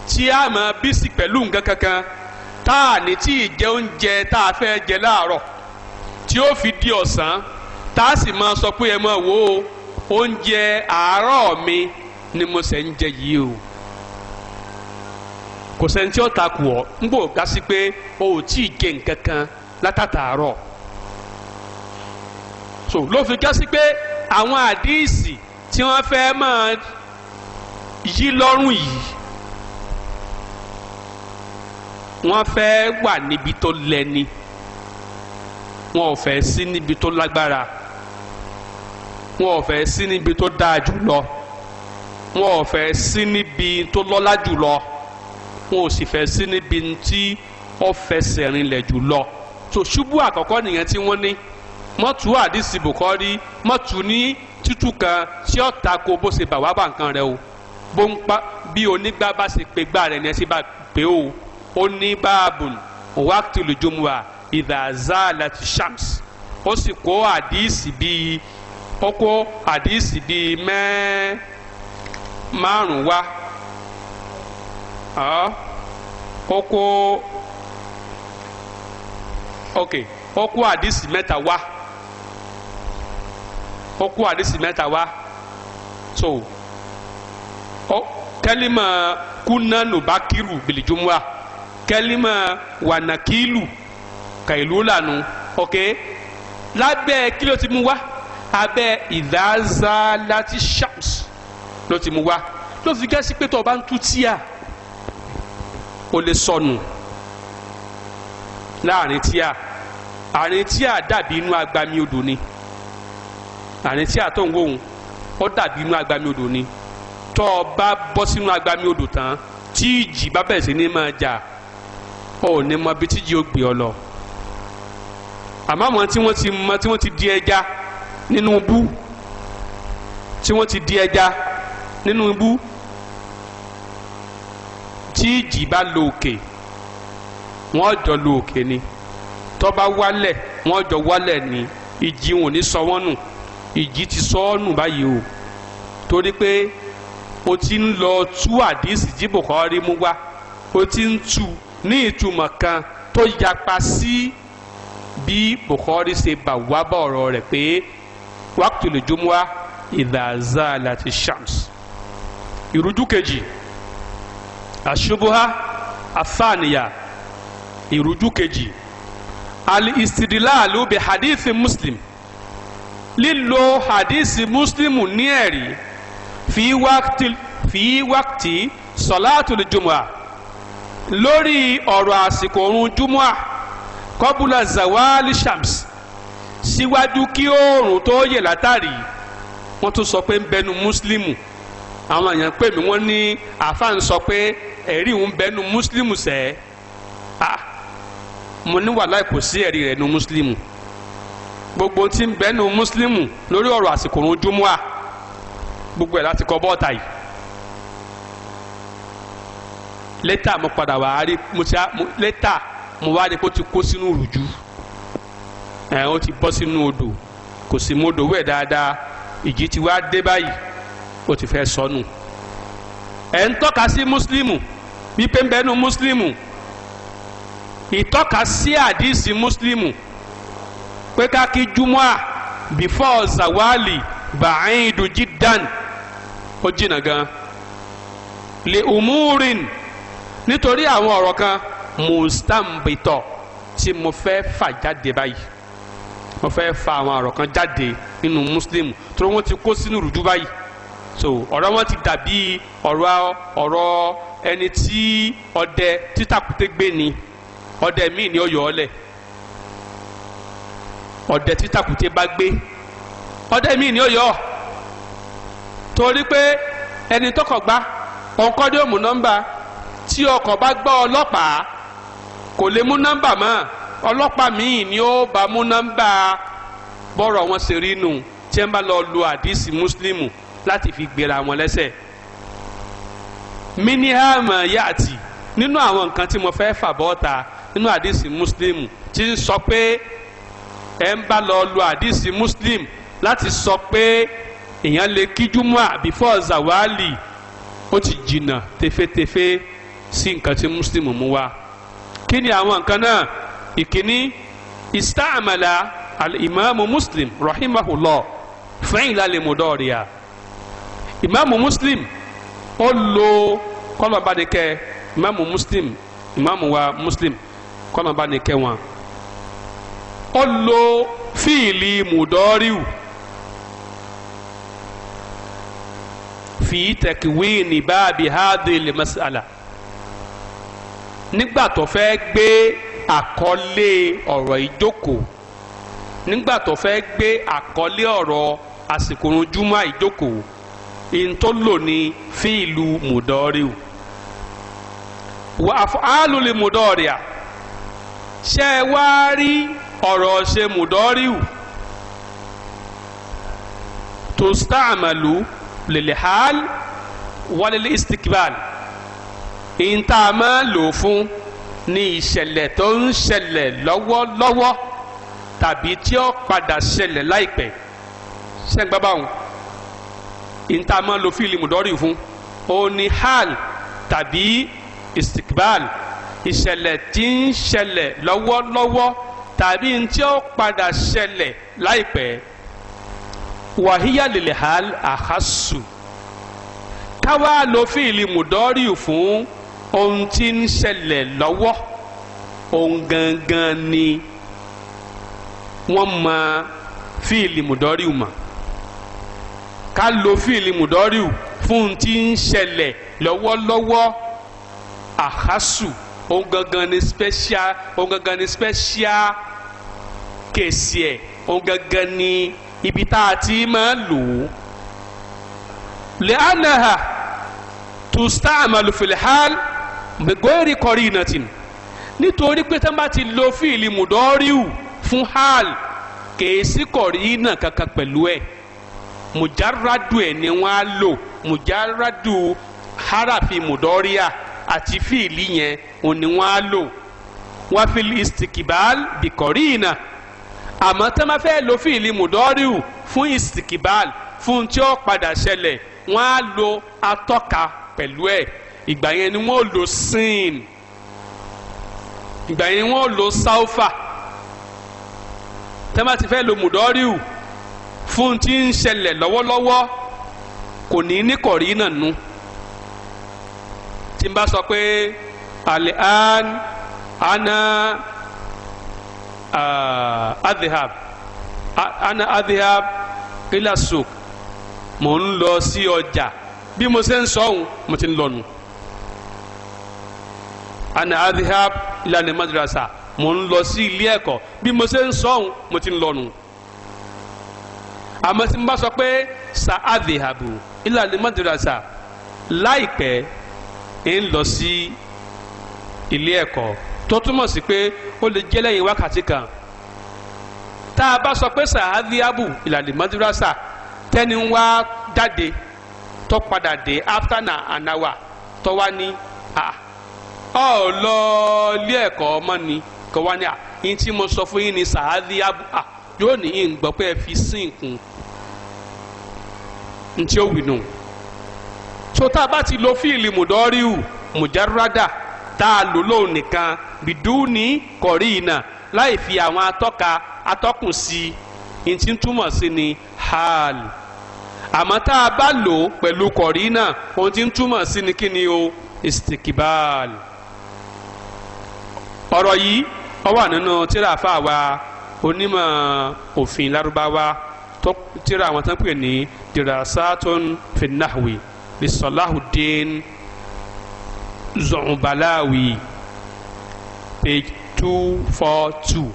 tí a máa bísí pẹ̀lú nǹkan kankan tá a ní tí ì jẹ oúnjẹ tá a fẹ́ jẹ láàárọ̀ tí ó fi di ọ̀sán tá a sì máa sọ pé ẹ máa wo oúnjẹ àárọ̀ mi ni mo sẹ́ ń jẹ yìí o kò sẹ́ni tí ó ta kù ọ́ ń gbọ́ gasi pé o ò tí ì gé nǹkan kan látàtàárọ̀ so ló fi gasi pé àwọn àdíìsì tí wọ́n fẹ́ máa yí lọ́rùn yìí wọ́n fẹ́ wà níbi tó lẹ́ni wọn ò fẹ́ sí níbi tó lágbára wọn ò fẹ́ sí níbi tó dáa jù lọ. No wọn ò fẹ́ sí níbi tó lọ́lá jùlọ wọn ò sì fẹ́ sí níbi tí wọ́n fẹsẹ̀ rinlẹ̀ jùlọ tó ṣubú àkọ́kọ́ nìyẹn tí wọ́n ní mọ́tù àdìsí bùkọ́rí mọ́tù ní títú kan tí ó tako bó ṣe bàwá bà nǹkan rẹ o bó ń pa bí onígbà bá ṣe pé gbà rẹ ni ẹ ṣe bá pé o ó ní báàbùn wákìtìlù jùmùà ìdàzà láti shams ó sì kó àdìsí bíi ó kó àdìsí bíi mẹ́ẹ́ márùn wá ó kó ok ó kó àdìsí mẹ́ta wá ó kó àdìsí mẹ́ta wá so kẹ́límà kúnánù bá kírù bìlìjúmọ́à kẹ́límà wànàkílù kàìlú lànà ok lábẹ́ kí ló ti mú wá abẹ́ ìdáza láti ṣàmùsù ló ti mú wá ló fi gẹ́sí pé tó o bá ń tú tíà o lè sọnù láàrin tíà àrin tíà dàbí inú agbami odò ni àrin tíà tó ń wóhun ó dàbí inú agbami odò ni tó o bá bọ́ sínú agbami odò tán tí ìjì bá bẹ̀rẹ̀ sí ní máa jà ó ní mọ bí tíjì ó gbé ọ lọ àmọ́ àwọn tí wọ́n ti mọ tí wọ́n ti di ẹja nínú bú tí wọ́n ti di ẹja nínú ibú tí ìjì bá lo òkè wọ́n jọ lo òkè ni tó bá wálẹ̀ wọ́n jọ wálẹ̀ ni ìjì wọn ò ní sọ wọ́n nù ìjì ti sọ ọ́ nù báyìí o torí pé o ti ń lọ tú àdìsí tí Bukhari mú wá o ti ń tú ní ìtumọ̀ kan tó yapa sí bí Bukhari ṣe bà wá bọ̀ ọ̀rọ̀ rẹ̀ pé waqtul jumu'a idha zalati shams ìrújú kejì àṣubuha asaniya ìrújú kejì al-istidlalu bi hadithi muslim lílo hadithi muslim ní ẹ̀rí fi wákìtì fi wákìtì sọ̀látùlù jùmọ̀à lórí ọ̀rọ̀ àsìkò oorun jùmọ̀à kọ́bùlà zawali shams síwájú kí oòrùn tó yẹ látàrí wọ́n tún sọ pé ń bẹnu muslimu àwọn èèyàn pè mí wọ́n ní àfáà ń sọ pé ẹ̀rí ń bẹ nu mùsùlùmù sẹ́ à mo ní wàláì kò sí ẹ̀rí rẹ̀ nu mùsùlùmù gbogbo tí ń bẹ nu mùsùlùmù lórí ọ̀rọ̀ àsìkò òun júmọ́à gbogbo ẹ̀ láti kọ́ bọ́ọ̀tà yìí lẹ́tà mo padà wá rí mo ti lẹ́tà mo wá rí kó ti kó sínú rùjú ẹ̀ ó ti bọ́ sínú odò kò sì mọ wẹ̀ dáadáa ìjì ti wá dé báyìí o ti fẹ́ sọnù ẹ̀ ń tọ́ka sí mùsùlùmù wípé ń bẹnu mùsùlùmù ìtọ́ka sí àdìsí mùsùlùmù pé ká kí jumua before zawali ba'aidu jiddan ó jìnnà gan li umurin nítorí àwọn ọ̀rọ̀ kan mustambitọ̀ tí mo fẹ́ fà jáde báyìí mo fẹ́ fa àwọn ọ̀rọ̀ kan jáde nínú mùsùlùmù tó wọ́n ti kó sínú rújú báyìí so ọ̀rọ̀ wọn ti dàbí ọ̀rọ̀ ọ̀rọ̀ ẹni tí ọdẹ títàkùté gbé ni ọdẹ míì ni ó yọ ọ lẹ̀ ọdẹ títàkùté bá gbé ọdẹ míì ni ó yọ ọ torí pé ẹni tọkọ gbá ọ̀nkọ́ ni ó mú nọ́mbà tí ọkọ̀ bá gbọ́ ọlọ́pàá kò lè mú nọ́mbà mọ́ ọlọ́pàá míì ni ó bá mú nọ́mbà bọ́rọ̀ wọn ṣe rí nù tí ẹ bá lọ lu àdìsí mùsùlùmù láti fi gbéra wọn lẹ́sẹ̀ minihama yaati nínú àwọn nǹkan tí mo fẹ́ fàbọ́ ta nínú àdìsí muslim ti ń sọ pé ẹ ń bá lọ lo àdìsí muslim láti sọ pé èèyàn lè kíjúmọ́ before zawali ó ti jìnnà tefetefe sí nǹkan tí muslim mú wá kí ni àwọn nǹkan náà ìkíní istamala al-imam muslim rahimahullah fẹ́yìn lálẹ́ mọ́dọ́rìà ìmáàmù muslim ó lo kọ́lọ̀bánikẹ́ ìmáàmù muslim ìmáàmù wa muslim kọ́lọ̀bánikẹ́ wọn ó lo fíìlì mùdọ́ríù fi tẹ̀kíwìnì báàbí le mas'ala nígbà tó fẹ́ gbé àkọlé ọ̀rọ̀ ìjókòó nígbà tó fẹ́ gbé àkọlé ọ̀rọ̀ àsìkò ìrun júmọ́ ìntòlò ní fíìlù mùdọ́ríù wà áàlùlì mùdọ́ríà ṣe é wá rí ọ̀rọ̀ ṣe mùdọ́ríù tó stáàmàlú lèlèhàl wálélé istikbal ìntà máa lò fún ní ìṣẹ̀lẹ̀ tó ń ṣẹlẹ̀ lọ́wọ́lọ́wọ́ tàbí tí ó padà ṣẹlẹ̀ láìpẹ́ ṣẹ́ńgbábáwọn ìta máa lo fíìlì mùdọ́rì fún ó ní hal tàbí istikbal ìṣẹ̀lẹ̀ tí ń ṣẹlẹ̀ lọ́wọ́lọ́wọ́ tàbí n tí ó padà ṣẹlẹ̀ láìpẹ́ wàhíyà lèlè hal àhásù káwá lo fíìlì mùdọ́rì fún ohun tí ń ṣẹlẹ̀ lọ́wọ́ ohun gangan ni wọ́n mọ fíìlì mùdọ́rì mọ̀ ká lo fíìlì mùdọ́rìù fún ti ń ṣẹlẹ̀ lọ́wọ́lọ́wọ́ àhásù òun gangan ni special òun gangan ni special kèsì ẹ̀ òun gangan ni ibi tá a ti máa lò ó. lẹ́ànàhà tùstàmàlù fìlhàl gbẹ́rì kọrí ìnàtìn nítorí pé tán bá ti lo fíìlì mùdọ́rìù fún hàl kèsì kọrí ìnà kankan pẹ̀lú ẹ̀. E mujarradu ẹ̀ ni wọ́n á lò mujarradu harafi mudoria, àti fíìlì yẹn òun ni wọ́n á lò wọ́n fi istikibal bìkọ́rí iná àmọ́ tá má fẹ́ lo fíìlì mudọ́ríù fún istikibal fún tí ó padà ṣẹlẹ̀ wọ́n á lo atọ́ka pẹ̀lú ẹ̀ ìgbà yẹn ni wọ́n lo sin ìgbà yẹn ni wọ́n lo sáúfà tá má ti fẹ́ lo mudọ́ríù fún ti ń ṣẹlẹ̀ lọ́wọ́lọ́wọ́ kò ní níkọ̀rí náà nu tí n bá sọ pé al-an ana uh, ana adhihab ilasuk suk mo ń lọ sí ọjà bí mo ṣe ń sọ ohun mo ti ń lọ nu ana adhihab ila ni madrasa mo ń lọ sí ilé ẹ̀kọ́ bí mo ṣe ń sọ ohun mo ti ń lọ nu. àmọ́ sọ pé sa adhihabu ìlànà madrasa láìpẹ́ ń lọ sí ilé ẹ̀kọ́ tó túmọ̀ sí pé ó lè jẹ́ lẹ́yìn wákàtí kan tá a bá sọ pé sa adhihabu ìlànà madrasa tẹ́ni ń wá jáde tó padà dé after na an tó wá ní à ọ lọ ilé ẹ̀kọ́ ọmọ ni kò wá ní à yín tí mo sọ fún yín ni sa adhihabu à yóò ní ìgbọ́ pé ẹ fi sí nǹkan. ntí ó wì nù so tá a bá ti lo fíìlì mùdọ́ríù mùjárúrádà tá a lò lóun nìkan bìdúùní kọ̀rí ìnà láì fi àwọn atọ́ka atọ́kùn sí i ntí ń túmọ̀ sí ni hal àmọ́ tá a bá lò pẹ̀lú kọ̀rí ohun tí ń túmọ̀ sí ni kí ni o istikibal ọ̀rọ̀ yìí ó wà nínú tíra fáwa onímọ̀ òfin lárúbáwá tíra àwọn tó pè ní dirasatun fi nahwi li salahuddin zọnbalawi page two four two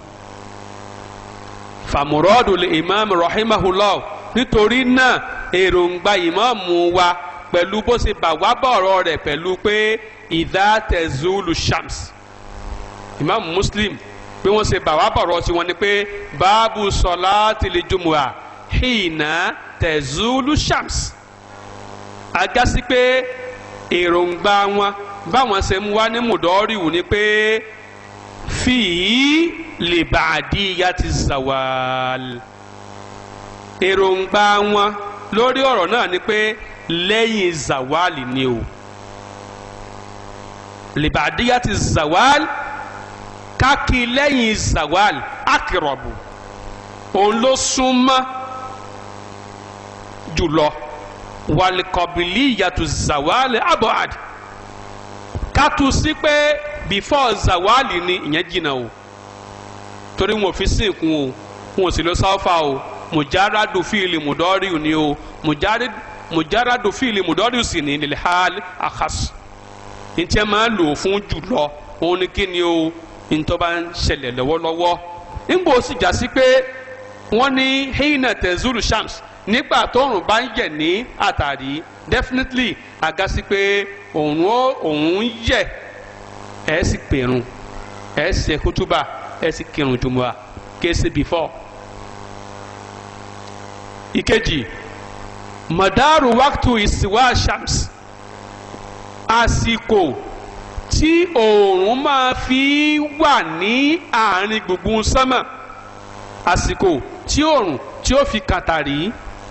famurọdu li imam rahimahullah nítorí náà èròǹgbà ìmáàmù wa pẹ̀lú bó ṣe bà wá bọ̀rọ̀ rẹ̀ pẹ̀lú pé ìdá tẹ̀zúlù shams imam muslim pé wọ́n ṣe bà wá bọ̀rọ̀ tiwọn ni pé báàbù sọlá tìlẹ̀ jùmùà hìnà tẹ̀zúlù shams agasi pé èròǹgbà wọn báwọn ṣe mú wá ní mùdọ́rìwù ni pé fìyí lè bá àdíyá ti zawal èròǹgbà wọn lórí ọ̀rọ̀ náà ni pé lẹ́yìn zawal ni o lè bá àdíyá ti zawal káàkiri lẹ́yìn zawal akirabu òun ló súnmọ́ jùlọ walikọbili yàtò zawali abuad kátó sí pé before zawali ni ìyẹn jìnnà o torí wọn fi sìnkún o wọn sì lọ sáfà o mujaradu fíìlì mùdọ́rì ni o mujaradu fíìlì mùdọ́rì sì ni lilhal akas ntẹ máa lò fún jùlọ òun ni kí ni o ntọ́ba ń ṣẹlẹ̀ lọ́wọ́lọ́wọ́ nígbà sì já sí pé wọ́n ní heinatezulu shams nígbà tóòrùn bá ń yẹ̀ ní àtàrí definitely àgásí pé òun ó òun ń yẹ̀ ẹ̀ sì pèrún ẹ̀ sì kútúbà ẹ̀ sì kírun jùmọ̀à kéésì before. ìkejì madaru waktu ìsìwá shams àsìkò tí òòrùn máa fi wà ní àárín gbùngbùn sánmà àsìkò tí òòrùn tí ó fi kàtàrí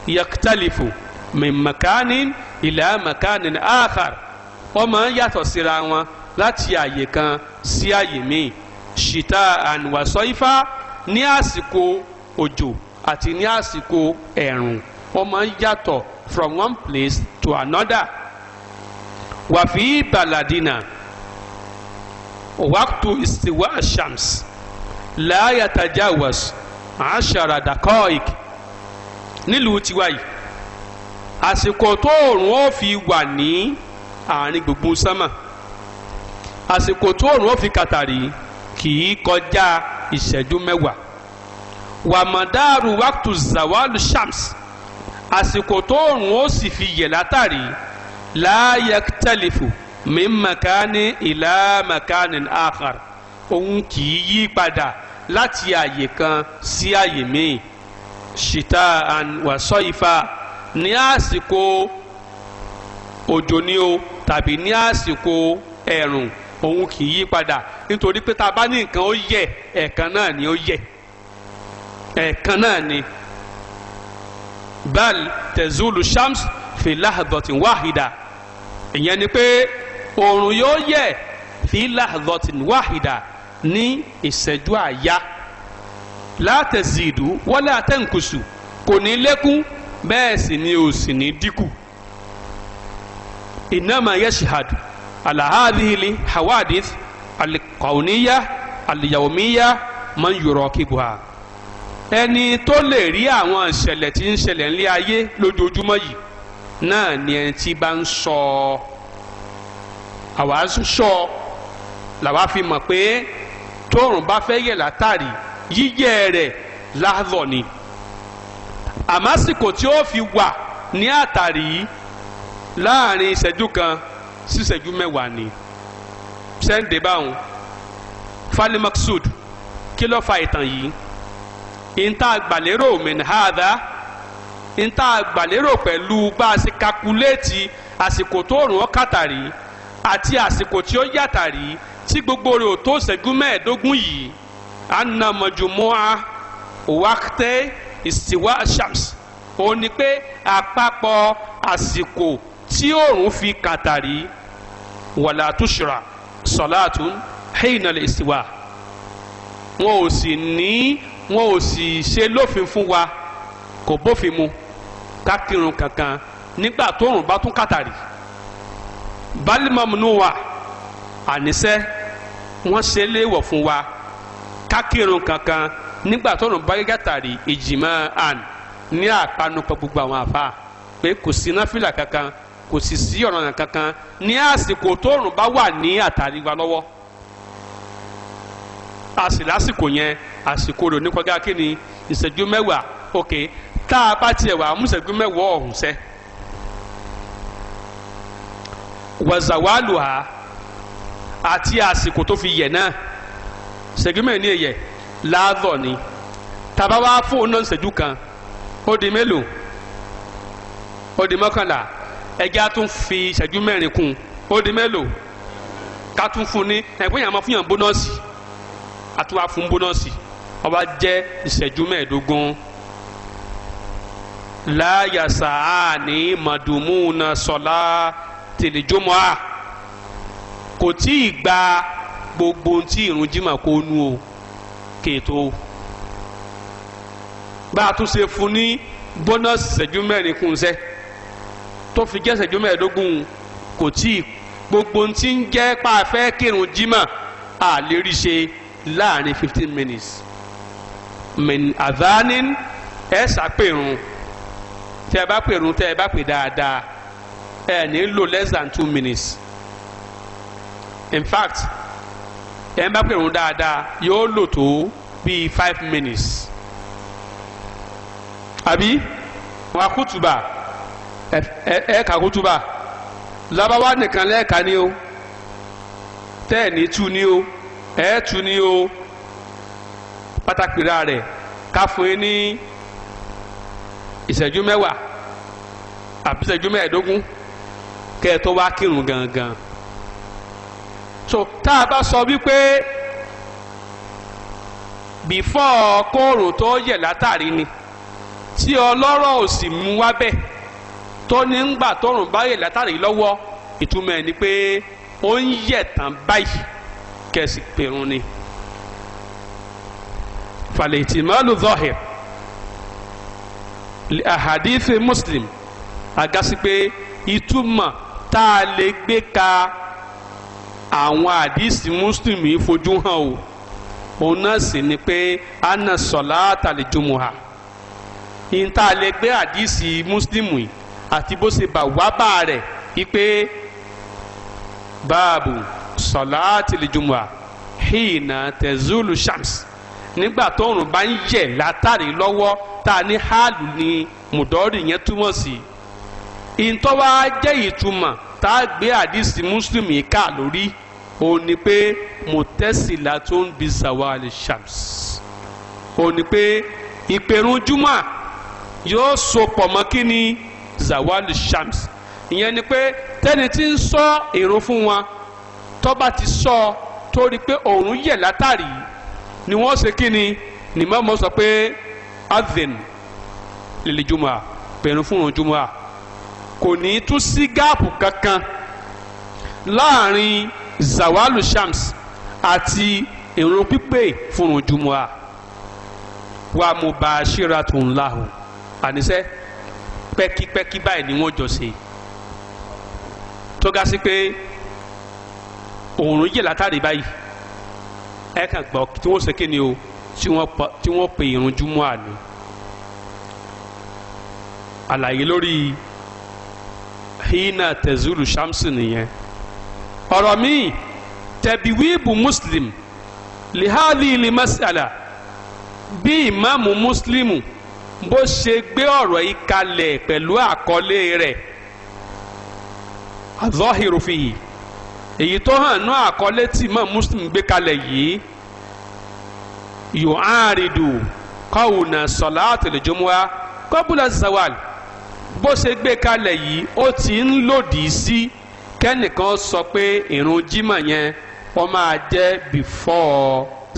yaktalifu min makanin ila makanin akhar wọ́n máa ń yàtọ̀ síra wọn láti àyè kan sí àyè míì ṣìtá ànùwàsọ ifá ní àsìkò òjò àti ní àsìkò ẹ̀rùn wọ́n yàtọ̀ from one place to another wàfí baladina wàktu istiwa shams láyàtàjáwàs àṣàràdàkọ́ìkì nílùú tiwa yìí àsìkò tóòrùn ó fi wà ní àárín gbùngbùn sánmà àsìkò tóòrùn ó fi kàtàrí kì í kọjá ìṣẹ́jú mẹ́wàá wàmọ̀dáàrú wákùtù zawalu shams àsìkò tóòrùn ó sì fi yẹ̀ látàrí láàyè tẹlifù min makani ìlà makani akhar òun kì í yí padà láti àyè kan sí àyè míì. Shita an soifa ní àsìkò òjò ni o tàbí ní àsìkò ẹ̀rùn òun kì í yí padà nítorí pé tá a bá ní nǹkan ó yẹ ẹ̀ẹ̀kan náà ni ó yẹ ẹ̀ẹ̀kan náà ni bal tezulu shams fi lahadọtin wahida ìyẹn ni pé oòrùn yóò yẹ fi lahadọtin wahida ní ìṣẹ́jú àyà látẹ̀sídù wọlé àtẹ̀ǹkùsù kò ní lékún bẹ́ẹ̀ sì ni ò sì ní dínkù ìnáma yẹ́sìhàdù alahadihili hawadith alikawuniya aliyawumiya man yọrọ kíbuha ẹni tó lè rí àwọn ìṣẹ̀lẹ̀ tí ń ṣẹlẹ̀ nílé ayé lójoojúmọ́ yìí náà ni ẹni tí bá ń sọ àwa sọ làwa fi mọ̀ pé tóòrùn bá fẹ́ yẹ̀ látàrí yíyẹ rẹ̀ láàdọ̀ ni àmásìkò tí ó fi wà ní àtàrí láàrin ìṣẹ́jú kan sí ìṣẹ́jú mẹ́wàá ni sẹ́ńdẹ̀ báwọn fali maksud kí ló fa ìtàn yìí ìta àgbàlérò mìnhàdá ìta àgbàlérò pẹ̀lú bá a ṣe kakuléètì àsìkò tó rùn ọ́ kàtàrí àti àsìkò tí ó yàtàrí tí gbogbo rẹ̀ ò tó ṣẹ́jú mẹ́ẹ̀ẹ́dógún yìí anna majumua wakte istiwa shams ó ní pé àpapọ̀ àsìkò tí oòrùn fi kàtàrí wàlá tushra salatun hina lè istiwa wọn ò sì ní wọn ò sì ṣe lófin fún wa kò bófin mu ká kankan nígbà tóòrùn bá tún kàtàrí balimamunuwa àníṣe wọn ṣe léèwọ̀ fún wa kákírun kankan nígbà tó rùn bá gíga tàrí ìjìmọ̀ àn ní àpanupọ̀ gbogbo àwọn àfa pé kò sí náfìlà kankan kò sì sí ọ̀ràn kankan ní àsìkò tó rùn bá wà ní àtàrí wa lọ́wọ́ àsì lásìkò yẹn àsìkò rò nípa gíga kíni ìṣẹ́jú mẹ́wàá ok tá a bá tiẹ̀ wà mú ìṣẹ́jú mẹ́wàá ọ̀hún sẹ́ wàzàwálùhà àti àsìkò tó fi yẹ̀ náà ìṣẹ́jú mẹ́rin ní ẹ̀yẹ ni tàbá wá fún òun náà ìṣẹ́jú kan ó di melo, ó di mọ́kànlá ẹjẹ́ á tún fi ìṣẹ́jú mẹ́rin kún ó di mélòó ká tún fún ní ẹ̀gbọ́n yàrá máa fún yàn bónọ́ọ̀sì àtúwà fún bónọ́ọ̀sì ó wá jẹ́ ìṣẹ́jú mẹ́ẹ̀ẹ́dógún láyàsá àní màdùmúnà sọlá tìlìjọmọ́à kò tí ì gba gbogbo tí irun jimá kó nu o kéètò bá a tún ṣe fún ní bọ́nọ́sì ṣẹ́jú mẹ́rin kún sẹ́ tó fi jẹ́ ṣẹ́jú mẹ́ẹ̀ẹ́dógún kò tí gbogbo tí ń jẹ́ pa afẹ́ kírun jimá a lè rí ṣe láàrin fifteen minutes min adhanin ẹ ṣàpèrún tẹ ẹ bá pèrún tẹ ẹ bá pè dáadáa ẹ ní lò less than two minutes in fact ẹ̀ ń bá pèrún dáadáa yóò lò tó bíi five minutes àbí wà kútùbà ẹ ẹ kà kútùbà labawa nìkan lẹ́ẹ̀ka ni o tẹ́ẹ̀ni tu ni o ẹ̀ tu ni o pàtàkì ra rẹ̀ ká fún yín ní ìṣẹ́jú mẹ́wàá àbí ìṣẹ́jú mẹ́ẹ̀ẹ́dógún kẹ́ ẹ tó wá kírun gangan so tá a bá sọ wípé bìfọ́ kóòrò tó yẹ̀ látàrí ni tí ọlọ́rọ̀ ò sì mú wá bẹ́ẹ̀ tó ní ń gbà tọrùn bá yẹ̀ látàrí lọ́wọ́ ìtumọ̀ ẹ̀ ni pé ó ń yẹ̀ tán báyìí kẹ̀sì pẹ̀rùn ni fàlẹ̀tì mọ́lù zọ́hìr àhàdífẹ́ muslim àgásí pé ìtumọ̀ tá a lè gbé ka àwọn àdìsí mùsùlùmí fojú hàn o òun náà sì ni pé anna sọlá tàlejòmùhà ìta lè gbé àdìsí mùsùlùmí àti bó ṣe bà wá bá rẹ̀ wípé báàbù sọlá tàlejòmùhà hìnà tẹ̀zúlù shams nígbà tóòrùn bá ń yẹ̀ látàrí lọ́wọ́ tá a ní hàlù ni mùdọ́rì yẹn túmọ̀ sí ìtọ́wá jẹ́ ìtumọ̀ tá a gbé àdìsí mùsùlùmí ká lórí ó ní pé mùtẹ́sílà tó ń bi zawali shams ó ní pé ìpèrún juma yóò so pọ̀ mọ́ kí ni shams ìyẹn ni pé tẹ́ni tí ń sọ èrò fún wọn tó bá ti sọ tó pé òòrùn yẹ̀ látàrí ni wọ́n ṣe kí ni ni mọ́mọ́ sọ pé adhin lil juma pẹ̀rún fún juma kò ní tún sí gáàpù kankan láàrin zawalu shams àti ìrun pípé fúnrun jumua wa mo ba ṣíra tó ń la hùn àníṣe pẹ́kípẹ́kí báyìí ni wọ́n jọ ṣe tó ga sí pé òòrùn yìí látàrí báyìí ẹ kàn gbọ́ tí wọ́n ṣe kí ni o tí wọ́n pe ìrun jumua ni àlàyé lórí hina tezulu shamsi nìyẹn. ọ̀rọ̀ míì tẹ̀bíwíìbù muslim lihadi limasala bí ìmáàmù muslimu bó ṣe gbé ọrọ yìí kalẹ̀ pẹ̀lú àkọlé rẹ̀ azọ́hìrù fìyì èyí tó hàn ní àkọlé tí ìmáàmù muslim gbé kalẹ yìí yóò áàrìdù kọ́wùnà sọ̀láàtì lójúmọ́á kọ́bùlà zawal bó ṣe gbé kalẹ yìí ó ti ń lòdì sí. Si kẹ́nìkan sọ pé ìrun jimá yẹn wọ́n máa jẹ́ before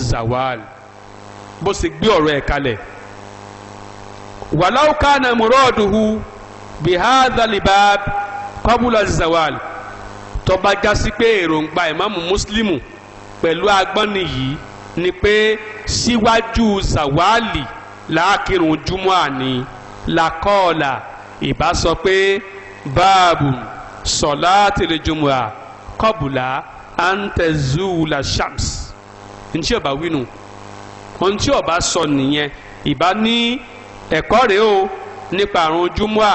zawal bó sì gbé ọ̀rọ̀ ẹ̀ kalẹ̀ wàláwù kánà mùrọ́ọ̀dùhù bihadalibab kọ́bùlà zawal tọba jásí pé èròǹgbà ìmáàmù mùsùlùmù pẹ̀lú agbọ́nni yìí ni pé síwájú zawali láàkírun júmọ́ làkọ́ọ̀là ìbá sọ pé báàbù sọ̀látìlì jùmùà kọ́bùlà àǹtẹ̀zúùlà shams ntí ọba wínú ntí ọba sọ nìyẹn ìbá ní ẹ̀kọ́ rèé o nípa àrùn jùmùà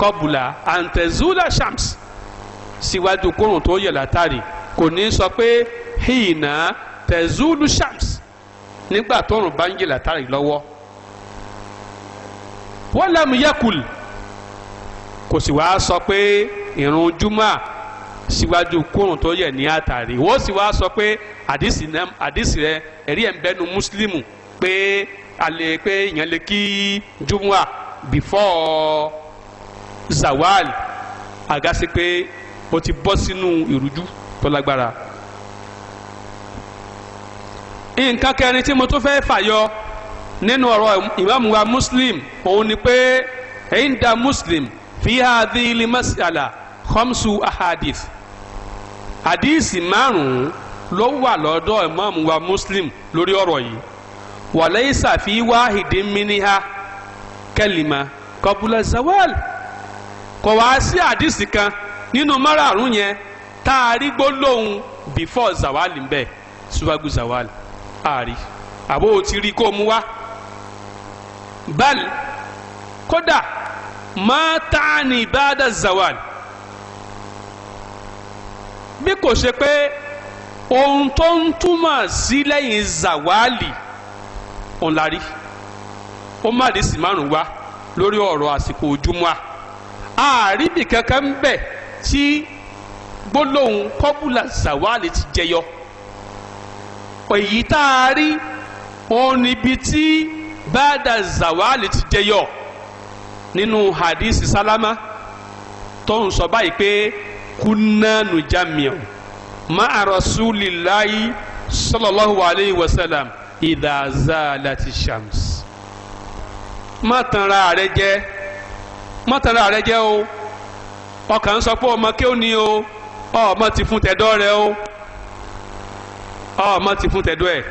kọ́bùlà àǹtẹ̀zúùlà shams síwájú kóòrùn tó yẹ látàrí kò ní sọ pé hìnà tẹ̀zúùlù shams nígbà tóòrùn bá ń yẹ látàrí lọ́wọ́ wọ́n lámú yẹ́kùlù kò sì wá sọ pé ìrun júmọ́ síwájú kóòrùn tó yẹ ní àtàrí wọ́n sì wá sọ pé àdìsí rẹ ẹ̀rí ẹ̀ ń bẹ́nu mùsùlùmù pé alẹ́ pé ìyẹn lè kí júmọ́ before zawal àgásí pé ó ti bọ́ sínú ìrújú tó lágbára nǹkan kẹrin tí mo tún fẹ́ fàyọ nínú ọ̀rọ̀ ìmáàmù wa muslim òun ni pé ẹ̀yin da muslim fi hadhi li mas'ala khamsu ahadith hadisi márùn-ún ló wà lọ́dọ̀ imam wa muslim lórí ọ̀rọ̀ yìí wa laysa fi wahidin minha kalima qabla zawal kò wá sí hadisi kan nínú márààrún yẹn tá a rí gbólóhùn before zawal ń bẹ zawal àárí àbó ti rí kó o mú bal kódà ma ta'ani bada zawal bí kò ṣe pé ohun tó ń túmọ̀ sí lẹ́yìn zawali òun la rí ó má rí sí márùn wá lórí ọ̀rọ̀ àsìkò ojúmọ́ àríbì kankan ń bẹ tí gbólóhùn kọ́bùlà zawali ti jẹyọ èyí tá a rí òun níbi tí bada zawali ti jẹyọ nínú hadith Salama, tó ń sọ báyìí pé kúnnánu jamiu ma'a rasulillahi sallallahu alayhi wa sallam idha zalati shams. má tanra rẹ jẹ má tanra rẹ jẹ o ọkàn sọ pé ọmọ kí ó ní o ọmọ ti fún tẹ̀dọ́ rẹ o ọmọ ti fún tẹ̀dọ́ ẹ̀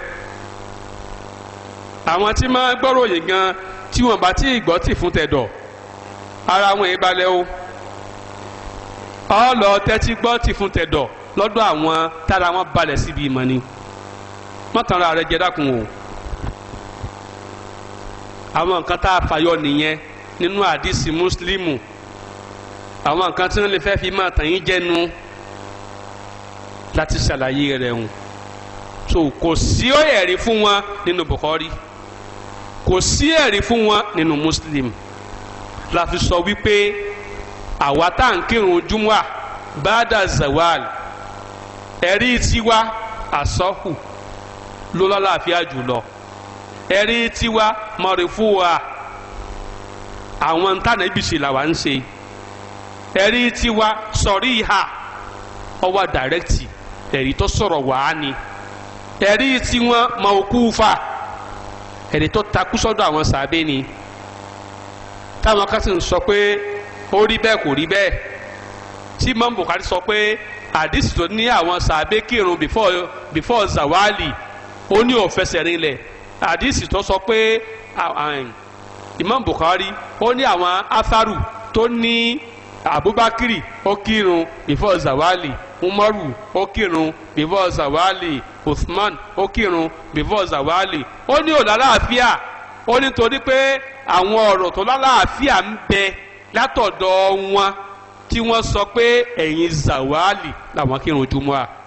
àwọn tí máa gbọ́ròyìn gan tí wọ́n bá tí gbọ́ tì fún tẹ̀dọ̀ ara wọn ìbalẹ̀ o ọlọ tẹ́tí gbọ́ ti fún tẹ̀dọ̀ lọ́dọ̀ àwọn tára wọn balẹ̀ síbi ìmọ̀ ni mọ́tàrà rẹ jẹ dákun o àwọn nǹkan tá a fàyọ nìyẹn nínú àdìsí mùsùlùmù àwọn nǹkan tí wọ́n lè fẹ́ fi máa tàn yín jẹ́nu láti ṣàlàyé rẹ̀ hùn so kò sí ẹ̀rí fún wọn nínú Bukhari kò sí ẹ̀rí fún wọn nínú Muslim la fi sọ wípé àwa tá à ń kírun júmọ́à báàdà zawal ẹ̀rí tiwa àsọ́hù ló lọ́láàfíà jùlọ ẹ̀rí tiwa mọ̀rẹ́fúwa àwọn tánàbìsì làwa ń ṣe ẹ̀rí tiwa sọ̀rí ìhà ọwọ́ dàrẹ́kìtì ẹ̀rí tó sọ̀rọ̀ wàá ni ẹ̀rí tiwọn mọ̀ọ́kúfà ẹ̀rí tó takú sọ́dọ̀ àwọn sàbẹ̀ ni táwọn kan sì ń sọ pé ó rí bẹ́ẹ̀ kò rí bẹ́ẹ̀ tí Imam Bukhari sọ pé àdìsí tó ní àwọn sàbẹ kírun before zawali ó ní òfẹsẹ̀ rinlẹ̀ àdìsí tó sọ pé Imam Bukhari ó ní àwọn atharu tó ní abubakiri ó kírun before zawali umaru ó kírun before zawali usman ó kírun before zawali ó ní òlàlàáfíà ó ní torí pé àwọn ọ̀rọ̀ tó lálàáfíà ń bẹ látọ̀dọ̀ wọn tí wọ́n sọ pé ẹ̀yin zawali làwọn kírun jùmọ̀